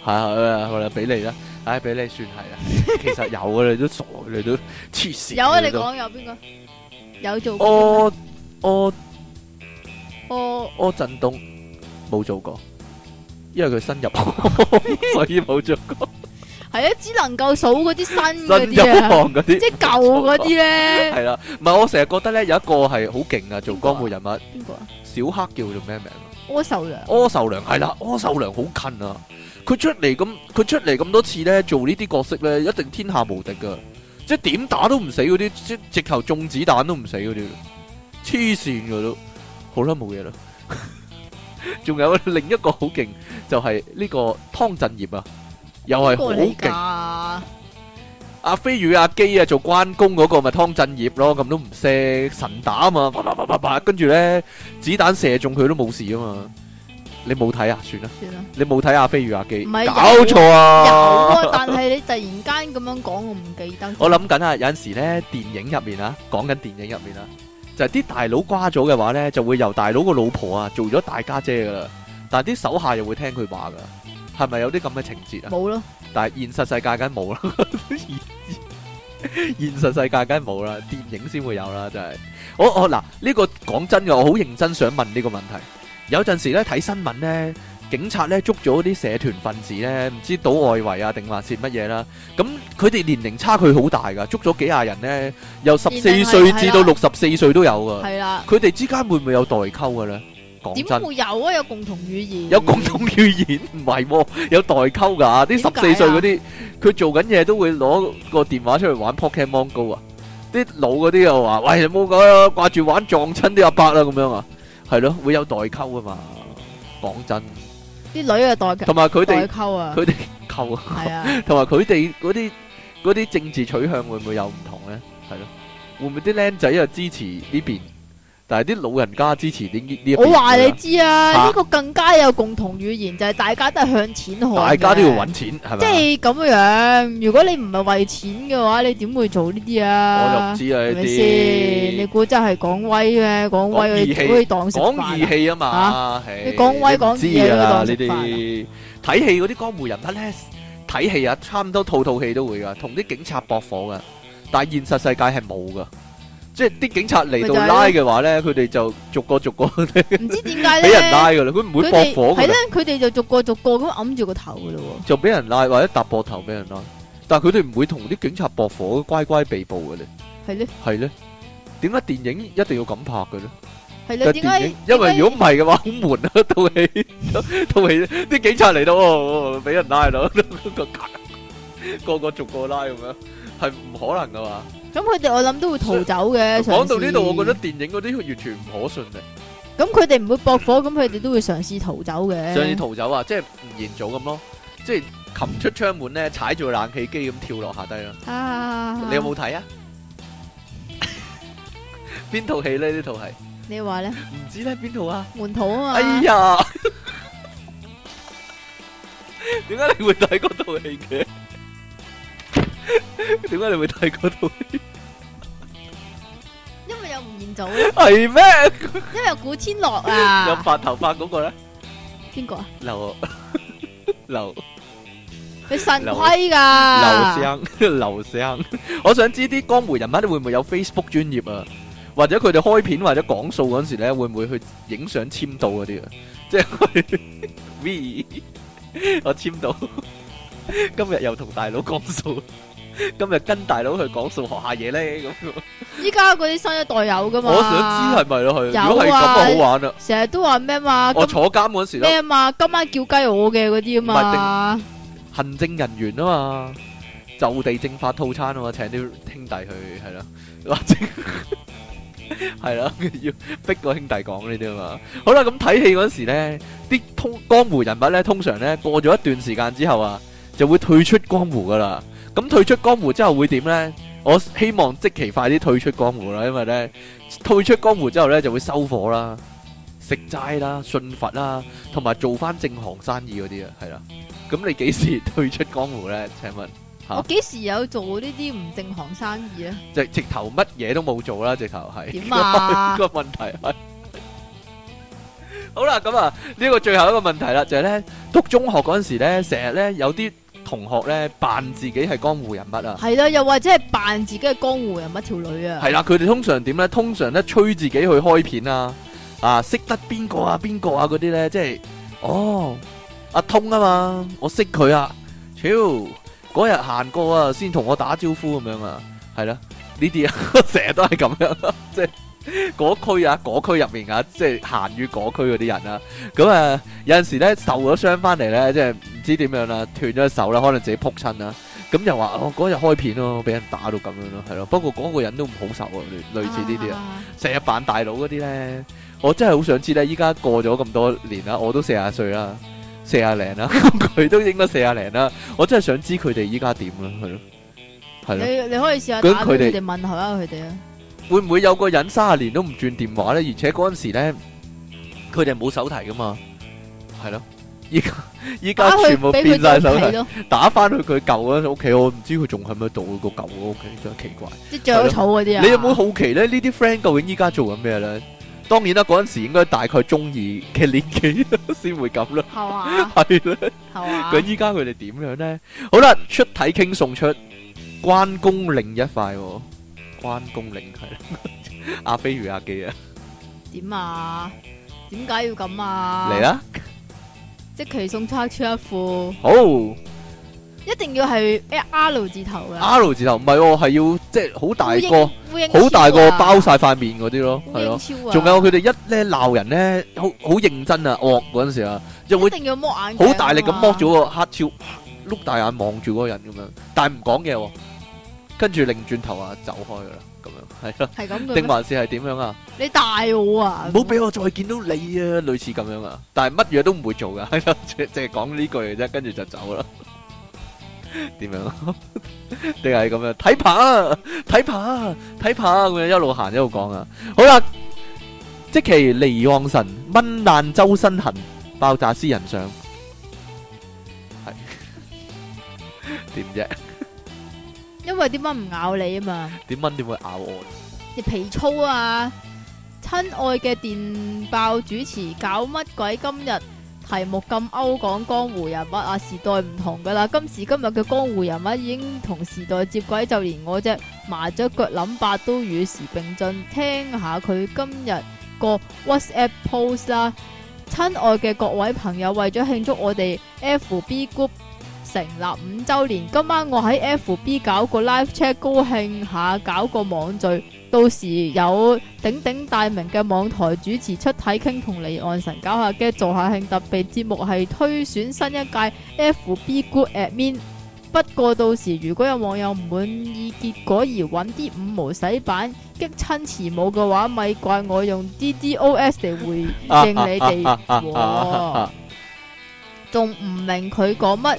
啊，我哋俾你啦，唉，俾你算係啦。 其實有嘅、啊，你都傻，你都黐線。啊有啊，你講有邊個？有做過？阿阿阿柯震東冇做過。因為佢新入行，所以冇做過。係啊，只能夠數嗰啲新嗰啲啊，即係舊嗰啲咧。係啦，唔係我成日覺得咧，有一個係好勁啊，做江湖人物。邊個啊？小黑叫做咩名啊？柯受良。柯受良係啦，柯受良好近啊。佢出嚟咁，佢出嚟咁多次咧，做呢啲角色咧，一定天下無敵噶。即係點打都唔死嗰啲，即係直頭中子彈都唔死嗰啲。黐線噶都好啦，冇嘢啦。仲有另一個好勁，就係呢個湯鎮業啊，又係好勁。阿飛與阿基啊，做關公嗰個咪湯鎮業咯，咁都唔識神打啊嘛，啪啪啪啪啪，跟住咧，子彈射中佢都冇事啊嘛。你冇睇啊？算啦，算啦，你冇睇阿飛與阿基？唔係搞錯啊？有啊，但係你突然間咁樣講，我唔記得。 我諗緊啊，有陣時咧，電影入面啊，講緊電影入面啊。就係啲大佬瓜咗嘅話呢，就會由大佬個老婆啊做咗大家姐噶啦，但係啲手下又會聽佢話噶，係咪有啲咁嘅情節啊？冇啦，但係現實世界梗冇啦， 現實世界梗係冇啦，電影先會有啦，就係哦呢個、真係。我我嗱呢個講真嘅，我好認真想問呢個問題。有陣時咧睇新聞呢。警察咧捉咗啲社團分子咧，唔知賭外圍啊，定話是乜嘢啦？咁佢哋年齡差距好大噶，捉咗幾廿人咧，由十四歲至到六十四歲都有噶。係啦，佢哋之間會唔會有代溝噶咧？講真點會有啊？有共同語言？有共同語言唔係喎，有代溝噶啊！啲十四歲嗰啲佢做緊嘢都會攞個電話出去玩 Pokemon Go 啊！啲老嗰啲又話：喂，冇講掛住玩撞親啲阿伯啦咁樣啊，係咯，會有代溝噶嘛？講真。啲女嘅代購，代溝啊！佢哋溝啊，同埋佢哋嗰啲嗰啲政治取向會唔會有唔同咧？係咯，會唔會啲僆仔又支持呢邊？但係啲老人家支持呢啲呢一啲，我話你知啊，呢個更加有共同語言，就係大家都係向錢看，大家都要揾錢，係咪？即係咁樣，如果你唔係為錢嘅話，你點會做呢啲啊？我又唔知啊呢啲，你估真係講威咩？講威去去當食飯，講義氣啊嘛？你講威講義去當食飯，睇戲嗰啲江湖人物咧，睇戲啊，差唔多套套戲都會噶，同啲警察搏火噶，但係現實世界係冇噶。即係啲警察嚟到拉嘅話咧，佢哋就逐個逐個唔知點解咧，俾人拉噶啦，佢唔會駁火嘅。係咧，佢哋就逐個逐個咁揞住個頭噶啦，就俾人拉或者搭膊頭俾人拉，但係佢哋唔會同啲警察駁火，乖乖被捕嘅咧。係咧，係咧，點解電影一定要咁拍嘅咧？係咧，因為如果唔係嘅話好悶啊！套戲套戲啲警察嚟到俾人拉咯，個個逐個拉咁樣。係唔可能噶嘛、啊？咁佢哋我諗都會逃走嘅。講以試到呢度，我覺得電影嗰啲完全唔可信嘅。咁佢哋唔會駁火，咁佢哋都會嘗試逃走嘅。嘗試逃走啊！即係吳彥祖咁咯，即係擒出窗門咧，踩住冷氣機咁跳落下低啦。啊，啊，啊，啊！你有冇睇啊？邊套戲咧？戲呢套係？你話咧？唔知咧？邊套啊？門徒啊嘛哎呀！點 解你會睇嗰套戲嘅？ 點解你會睇嗰套？因為有吳彥祖啊。係咩？因為有古天樂啊。有白頭髮嗰個咧？邊個啊？劉劉，佢腎虧噶？劉生，劉生。我想知啲江湖人物會唔會有 Facebook 專頁？啊？或者佢哋開片或者講數嗰時咧，會唔會去影相簽到嗰啲啊？即係 We，我簽到，今日又同大佬講數。今日跟大佬去講數學下嘢咧，咁。依家嗰啲新一代有噶嘛？我想知係咪咯佢。有啊。如果係咁啊，好玩啦。成日都話咩嘛？我坐監嗰時咩嘛？今晚叫雞我嘅嗰啲啊嘛。行政人員啊嘛，就地正法套餐啊嘛，請啲兄弟去係咯，或者係啦，要逼個兄弟講呢啲啊嘛。好啦，咁睇戲嗰時咧，啲通江湖人物咧，通常咧過咗一段時間之後啊，就會退出江湖噶啦。咁退出江湖之後會點咧？我希望即期快啲退出江湖啦，因為咧退出江湖之後咧就會收火啦、食齋啦、信佛啦，同埋做翻正行生意嗰啲啊，係啦。咁你幾時退出江湖咧？請問吓，我幾時有做呢啲唔正行生意啊？直直頭乜嘢都冇做啦，直頭係。點啊？呢個問題係。好啦，咁啊，呢個最後一個問題啦，就係咧讀中學嗰陣時咧，成日咧有啲。同學咧扮自己係江湖人物啊，係啦，又或者係扮自己係江湖人物條女啊，係啦，佢哋通常點咧？通常咧催自己去開片啊，啊，識得邊個啊，邊個啊嗰啲咧，即係哦，阿、啊、通啊嘛，我識佢啊，超嗰日行過啊，先同我打招呼咁、啊、樣啊，係啦，呢啲啊，成日都係咁樣， 即係。果區 啊，果區入面啊，即係限於果區嗰啲人啊。咁、嗯、啊，有陣時咧受咗傷翻嚟咧，即係唔知點樣啦，斷咗手啦，可能自己仆親啦。咁、嗯、又話我嗰日開片咯、啊，俾人打到咁樣咯、啊，係咯、啊。不過嗰個人都唔好受啊，類似呢啲啊，成日扮大佬嗰啲咧，我真係好想知咧。依家過咗咁多年啦，我都四廿歲啦，四廿零啦，佢 都應該四廿零啦。我真係想知佢哋依家點啦，係咯、啊，係、啊、你你可以試下打住佢哋問候下佢哋啊。 會唔會有個人三十年都唔轉電話咧？而且嗰陣時咧，佢哋冇手提噶嘛，係咯？依家依家全部變晒手提咯，打翻去佢舊嗰個屋企，我唔知佢仲喺唔喺度個舊個屋企，真係奇怪。即係仲有草嗰啲啊？你有冇好奇咧？呢啲 friend 究竟依家做緊咩咧？當然啦，嗰陣時應該大概中意嘅年紀先會咁啦。係啊，係啦，係啊。咁依家佢哋點樣咧？好啦，出體傾送出關公另一塊。關公令係阿飛如阿基啊？點啊？點解要咁啊？嚟啦！即係送他出一副好，一定要係 L 字頭嘅 L 字頭，唔係喎，係要即係好大個，好大個包晒塊面嗰啲咯，係咯。仲有佢哋一咧鬧人咧，好好認真啊惡嗰陣時啊，一定會好大力咁剝咗個黑超，碌大眼望住嗰個人咁樣，但係唔講嘢。跟住擰轉頭啊，走開啦，咁樣係咯，係咁定還是係點樣啊？你大我啊！唔好俾我再見到你啊，類似咁樣啊！但係乜嘢都唔會做噶，淨係講呢句啫，跟住就走啦。點 怎樣？定係咁樣？睇怕，睇怕，睇怕咁樣一路行一路講啊！好啦，積淇離岸神蚊難周身痕爆炸私人相。係點啫？因為點解唔咬你啊嘛？點解點會咬我？你皮粗啊！親愛嘅電爆主持，搞乜鬼？今日題目咁歐講江湖人物啊，時代唔同噶啦，今時今日嘅江湖人物已經同時代接軌，就連我隻麻雀腳諗法都與時並進。聽下佢今日個 WhatsApp post 啦！親愛嘅各位朋友，為咗慶祝我哋 FB group。成立五周年，今晚我喺 F B 搞個 live c h a t 高興下搞個網聚，到時有鼎鼎大名嘅網台主持出體 King，同離岸神搞下嘅做下慶，特備節目係推選新一屆 F B good admin。不過到時如果有網友唔滿意結果而揾啲五毛洗版激親慈母嘅話，咪怪我用 D D O S 嚟回應你哋。仲、啊、唔、啊啊哦、明佢講乜？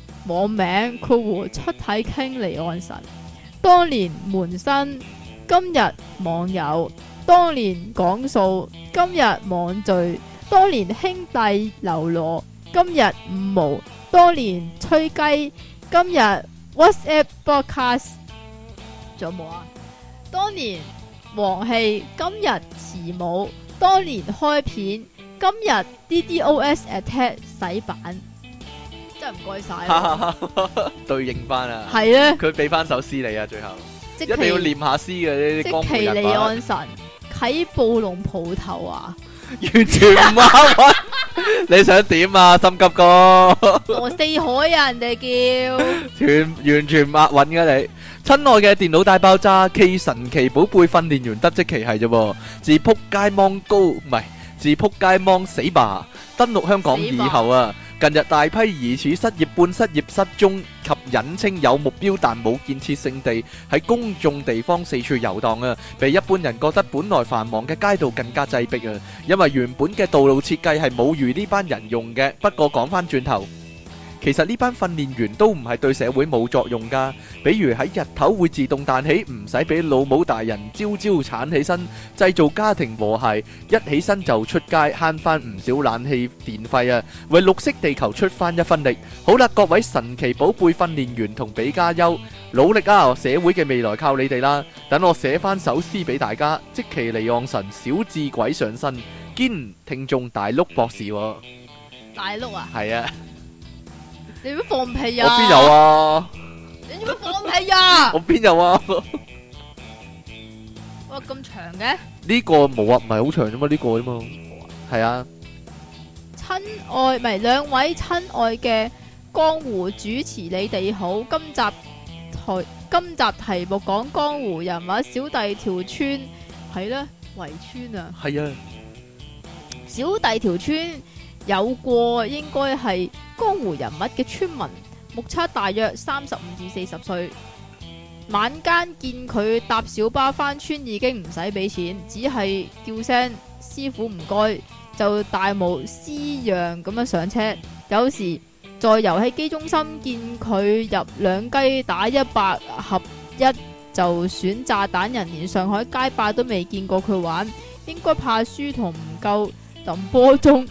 網名括弧出體 king 離岸神，當年門生，今日網友；當年講數，今日網聚；當年兄弟流落，今日五毛，當年吹雞，今日 WhatsApp broadcast 仲有冇啊？當年王氣，今日慈母，當年開片，今日 DDoS attack 洗版。真係唔該晒， 對應翻啊！係咧呢，佢俾翻首詩你啊，最後一定是要念下詩嘅呢啲光背積淇離岸神喺暴龍鋪頭啊，完全唔押韻。 你想點啊？心急哥，我 四海 啊，人哋叫全完全唔押韻嘅你。親愛嘅電腦大爆炸，k 神奇寶貝訓練員得積淇係啫噃，自撲街芒高唔係，自撲街芒死吧！登陸香港以後啊。 近日大批疑似失業、半失業、失蹤及隱稱有目標但冇建設性地喺公眾地方四處遊蕩啊，比一般人覺得本來繁忙嘅街道更加擠迫啊，因為原本嘅道路設計係冇預呢班人用嘅。不過講返轉頭。其實呢班訓練員都唔係對社會冇作用噶，比如喺日頭會自動彈起，唔使俾老母大人朝朝鏟起身，製造家庭和諧，一起身就出街慳翻唔少冷氣電費啊，為綠色地球出翻一分力。好啦，各位神奇寶貝訓練員同比加優，努力啊！社會嘅未來靠你哋啦！等我寫翻首詩俾大家，即積淇離岸神小智鬼上身，兼聽眾大碌博士，大碌啊，係啊。你做咩放屁啊？我邊有啊？你做咩放屁啊？ 我邊有啊？ 哇，咁長嘅？呢個冇、這個、啊，唔係好長啫嘛，呢個啫嘛，係啊。親愛，唔係兩位親愛嘅江湖主持，你哋好。今集台今集題目講江湖人物，小弟條村係啦，圍村啊。係啊，小弟條村。有個應該係江湖人物嘅村民，目測大約三十五至四十歲。晚間見佢搭小巴返村，已經唔使俾錢，只係叫聲師傅唔該，就大模斯樣咁樣上車。有時在遊戲機中心見佢入兩雞打一百合一，就選炸彈人，連上海街霸都未見過佢玩，應該怕輸同唔夠抌波中。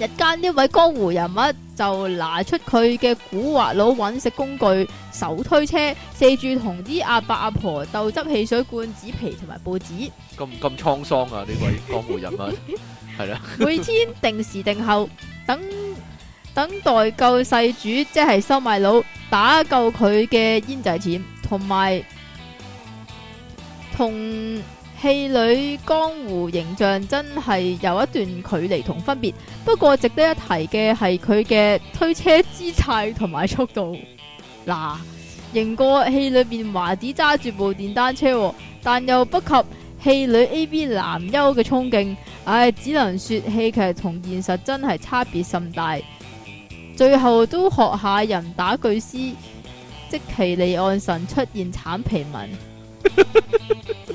日間呢位江湖人物、啊、就拿出佢嘅古惑佬揾食工具手推車，四住同啲阿伯阿婆鬥執汽水罐紙皮同埋報紙，咁咁滄桑啊！呢 位江湖人物係啦， 每天定時定候等等待救世主，即係收買佬打救佢嘅煙仔錢，同埋同。戲裏江湖形象真係有一段距離同分別，不過值得一提嘅係佢嘅推車姿態同埋速度。嗱、啊，型過戲裏邊華子揸住部電單車、哦，但又不及戲裏 A B 男優嘅衝勁，唉、哎，只能說戲劇同現實真係差別甚大。最後都學下人打句詩，積淇離岸神出現慘皮紋。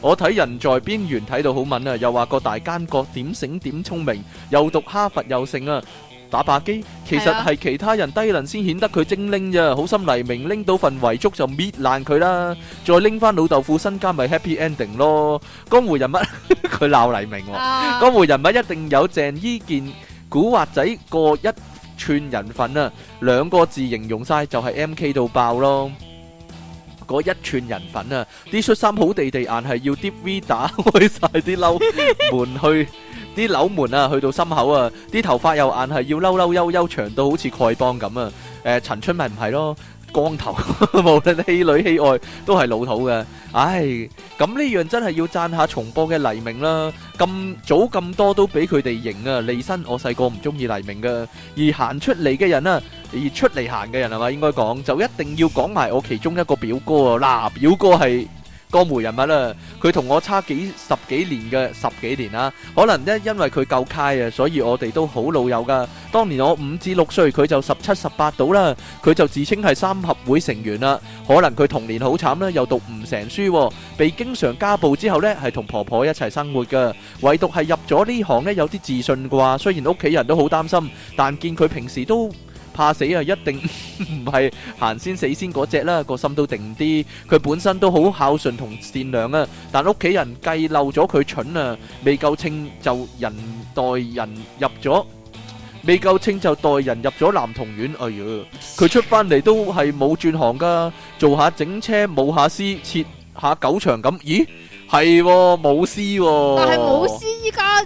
我睇人在邊緣睇到好敏啊，又話個大奸角點醒點聰明，又讀哈佛又盛啊，打把機其實係其他人低能先顯得佢精靈啫，好心黎明拎到份遺囑就搣爛佢啦，再拎翻老豆副身家咪 happy ending 咯。江湖人物佢鬧黎明喎，江湖人物一定有鄭伊健古惑仔個一串人份啊，兩個字形容晒就係 MK 到爆咯。嗰一串人粉啊，啲恤衫好地地，硬係要啲 V 打開晒啲褸門去，啲褸門啊，去到心口啊，啲頭髮又硬係要嬲嬲悠悠長到好似丐幫咁啊，誒、呃、陳春咪唔係咯。光頭，無論戲裡戲外都係老土嘅。唉，咁呢樣真係要讚下重播嘅黎明啦！咁早咁多都俾佢哋認啊！李申，我細個唔中意黎明嘅，而行出嚟嘅人啊，而出嚟行嘅人係咪應該講，就一定要講埋我其中一個表哥啊！嗱，表哥係。江湖人物啦，啊，佢同我差幾十幾年嘅十幾年啦，啊，可能呢因為佢夠閪啊，所以我哋都好老友噶。當年我五至六歲，佢就十七十八到啦，佢就自稱係三合會成員啦。可能佢童年好慘啦，又讀唔成書，啊，被經常家暴之後呢，係同婆婆一齊生活噶。唯獨係入咗呢行呢，有啲自信啩。雖然屋企人都好擔心，但見佢平時都。怕死啊！一定唔係行先死先嗰隻啦，個心都定啲。佢本身都好孝順同善良啊，但係屋企人計漏咗佢蠢啊，未夠秤就人代人入咗，未夠秤就代人入咗男童院。哎喲，佢出翻嚟都係冇轉行㗎，做下整車，舞下獅，切下狗場咁。咦，係舞獅喎，但係舞獅依家。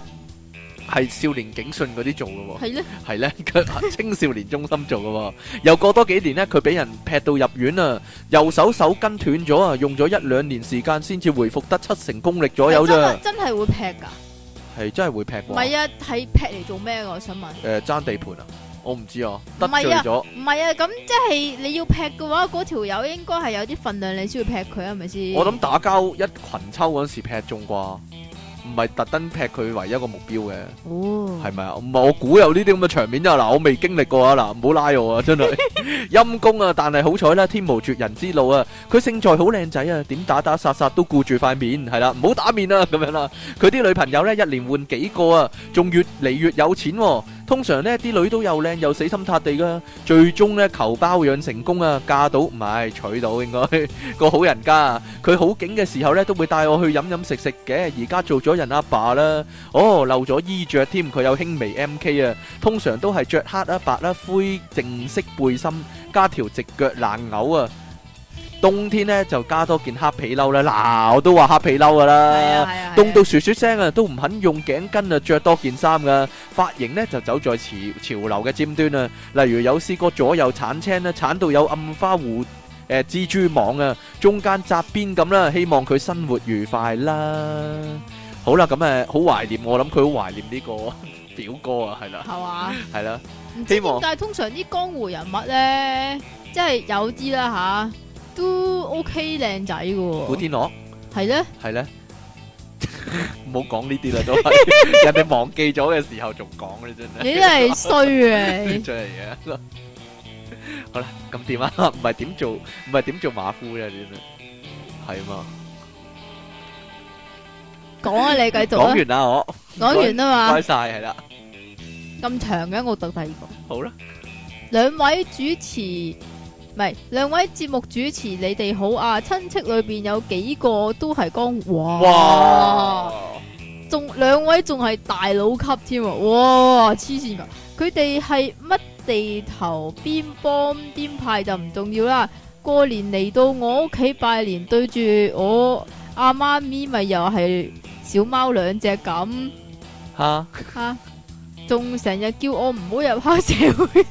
係少年警訊嗰啲做噶喎，係咧，係咧，佢係青少年中心做噶喎。又過多幾年咧，佢俾人劈到入院啊，右手手筋斷咗啊，用咗一兩年時間先至回復得七成功力左右咋。真係會劈噶係真係會劈啩？唔係啊，係劈嚟做咩？我想問。誒，爭地盤啊？我唔知哦。得罪咗？唔係啊，咁即係你要劈嘅話，嗰條友應該係有啲份量，你先會劈佢，係咪先？我諗打交一群抽嗰時劈中啩。唔係特登劈佢為一個目標嘅，係咪啊？唔係我估有呢啲咁嘅場面啫。嗱，我未經歷過啊，嗱，唔好拉我啊，真係陰 公啊！但係好彩啦，天無絕人之路啊！佢勝在好靚仔啊，點打打殺殺都顧住塊面，係啦，唔好打面啊，咁、啊、樣啦、啊。佢啲女朋友呢，一年換幾個啊，仲越嚟越有錢、啊。通常呢，啲女都又靚又死心塌地噶，最終呢求包養成功啊，嫁到唔係娶到應該個好人家啊。佢好景嘅時候呢，都會帶我去飲飲食食嘅。而家做咗人阿爸啦，哦漏咗衣著添，佢有輕微 MK 啊。通常都係著黑啦白啦灰淨色背心加條直腳爛牛啊。冬天咧，就加多件黑皮褸啦，嗱我都話黑皮褸噶啦，凍到雪雪聲啊都唔肯用頸巾啊，着多件衫噶。髮型咧，就走在潮潮流嘅尖端啊，例如有試過左右鏟青啦，鏟到有暗花護誒蜘蛛網啊，中間紮邊咁啦，希望佢生活愉快啦。好啦，咁誒好懷念，我諗佢好懷念呢個表哥啊，係啦，係嘛？係啦，但係通常啲江湖人物咧，即係有啲啦吓。都 OK 靚仔嘅，古天樂係咧，係咧，唔好講呢啲啦，都係人哋忘記咗嘅時候仲講咧，真係你真係衰嘅，衰嚟嘅。好啦，咁點啊？唔係點做，唔係點做馬夫啫，係嘛？講啊，你繼續。講完啦，我講完啦嘛，開晒係啦。咁長嘅，我得第二個。好啦，兩位主持。唔係，兩位節目主持，你哋好啊！親戚裏邊有幾個都係江湖哇！仲兩哇位仲係大佬級添啊！哇，黐線噶！佢哋係乜地頭邊幫邊派就唔重要啦。過年嚟到我屋企拜年，對住我阿媽、啊、咪咪又係小貓兩隻咁，吓吓，仲成日叫我唔好入黑社會，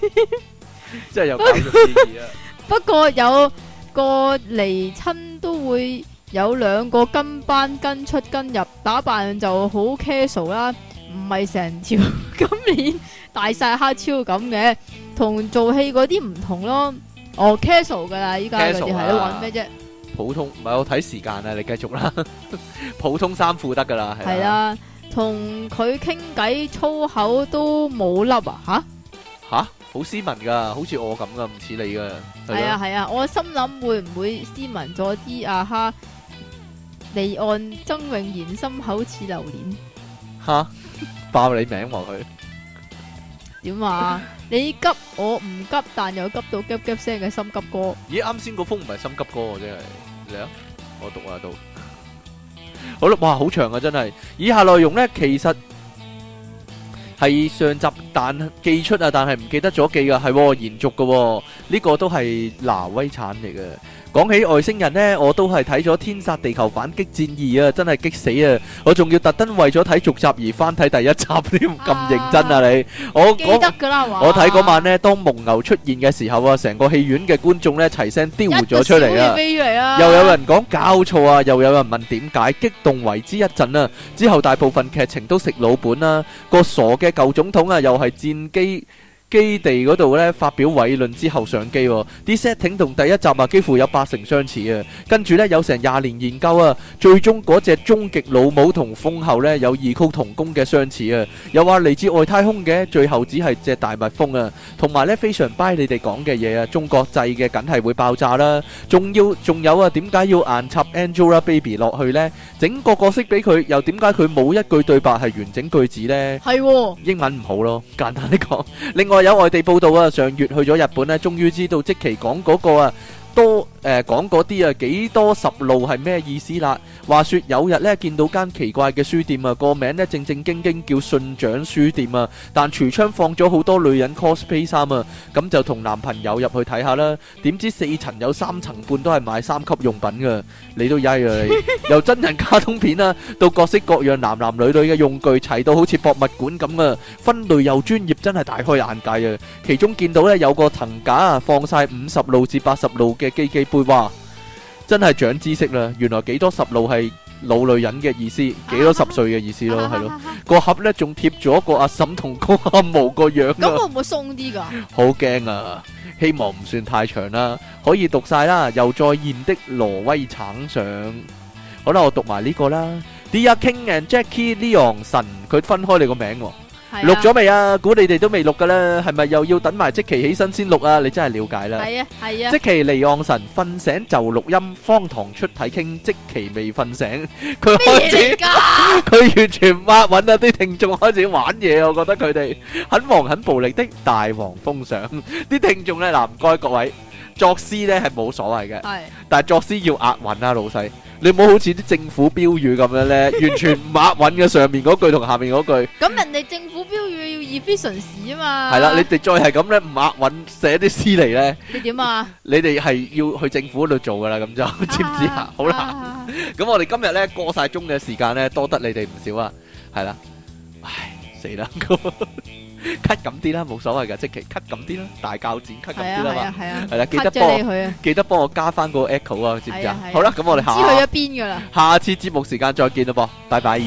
真係有搞到啊！ 不過有個離親都會有兩個跟班跟出跟入，打扮就好 casual 啦，唔係成條金鏈大晒黑超咁嘅，同做戲嗰啲唔同咯。哦 casual 噶啦，依家嗰啲係你玩咩啫？普通唔係我睇時間啊，你繼續啦。普通衫褲得噶啦。係啦，同佢傾偈粗口都冇粒啊？吓吓，好斯文噶，好似我咁噶，唔似你噶。係啊係啊，我心諗會唔會斯文咗啲啊？哈！離岸曾永然心口似榴蓮吓！爆你名話佢點話？你急我唔急，但又急到急急聲嘅心急歌。咦！啱先個風唔係心急歌，啊，真係你啊！我讀下到。 好啦，哇，好長啊，真係。以下內容呢，其實。係上集但寄出啊，但係唔記得咗寄㗎，係、哦、延續嘅呢、哦這個都係拿威產嚟嘅。講起外星人呢，我都係睇咗《天煞地球反擊戰二》啊，真係激死啊！我仲要特登為咗睇續集而翻睇第一集添，咁認真啊你！我我我睇嗰晚呢，當蒙牛出現嘅時候啊，成個戲院嘅觀眾呢齊聲丟咗出嚟啊！又有人講搞錯啊，又有人問點解，激動為之一陣啊！之後大部分劇情都食老本啊，個傻嘅舊總統啊，又係戰機。基地嗰度咧發表偉論之後上機，啲 setting 同第一集啊幾乎有八成相似啊。跟住咧有成廿年研究啊，最終嗰隻終極老母同蜂后咧有異曲同工嘅相似啊。又話嚟自外太空嘅，最後只係隻大蜜蜂啊。同埋咧非常 buy 你哋講嘅嘢啊，中國製嘅梗係會爆炸啦。仲要仲有啊，點解要硬插 Angelababy 落去呢？整個角色俾佢，又點解佢冇一句對白係完整句子呢？係英文唔好咯，簡單啲講。另外。有外地報道啊！上月去咗日本咧，終於知道積淇講嗰個啊多。誒講嗰啲啊幾多十路係咩意思啦？話説有日咧，見到間奇怪嘅書店啊，個名咧正正經經叫信長書店啊，但櫥窗放咗好多女人 cosplay 衫啊，咁就同男朋友入去睇下啦。點知四層有三層半都係賣三級用品嘅，你都曳啊你！由真人卡通片啊，到各式各樣男男女女嘅用具，齊到好似博物館咁啊，分類又專業，真係大開眼界啊！其中見到咧有個藤架啊，放晒五十路至八十路嘅機器。哇，真係長知識啦！原來幾多十路係老女人嘅意思，幾多十歲嘅意思咯，係咯。個盒呢仲貼咗個阿嬸同個阿毛個樣。咁會唔會鬆啲㗎？好驚啊！希望唔算太長啦，可以讀晒啦。又再現的挪威橙上，好啦，我讀埋呢個啦。The King and Jackie Leon 神，佢分開你個名喎。錄咗未啊？估你哋都未錄噶啦，係咪又要等埋積淇起身先錄啊？你真係了解啦。係啊係啊，積淇離岸神瞓醒就錄音，方糖出體 King。積淇未瞓醒，佢開始，佢完全唔壓韻啊！啲聽眾開始玩嘢，我覺得佢哋很黃、很暴力的大王封上啲聽眾咧。嗱，唔該各位作詩咧係冇所謂嘅，但係作詩要押韻啊，老細。你冇好似啲政府標語咁樣咧， 完全唔押韻嘅上面嗰句同下面嗰句。咁 人哋政府標語要 efficiency 啊嘛。係啦，你哋再係咁咧，唔押韻寫啲詩嚟咧，你點啊？你哋係要去政府嗰度做㗎啦，咁就 知唔知啊？好啦，咁我哋今日咧過晒鐘嘅時間咧，多得你哋唔少啊，係啦，唉死啦！ cut 咁啲啦，冇所謂噶，即係 cut 咁啲啦，大鉸剪 cut 咁啲啦嘛，係啊係啊係啊，記得幫我去記得幫我加翻嗰個 echo 啊，知唔知啊？啊好啦，咁我哋下次去一邊㗎啦，下次節目時間再見啦噃，拜拜。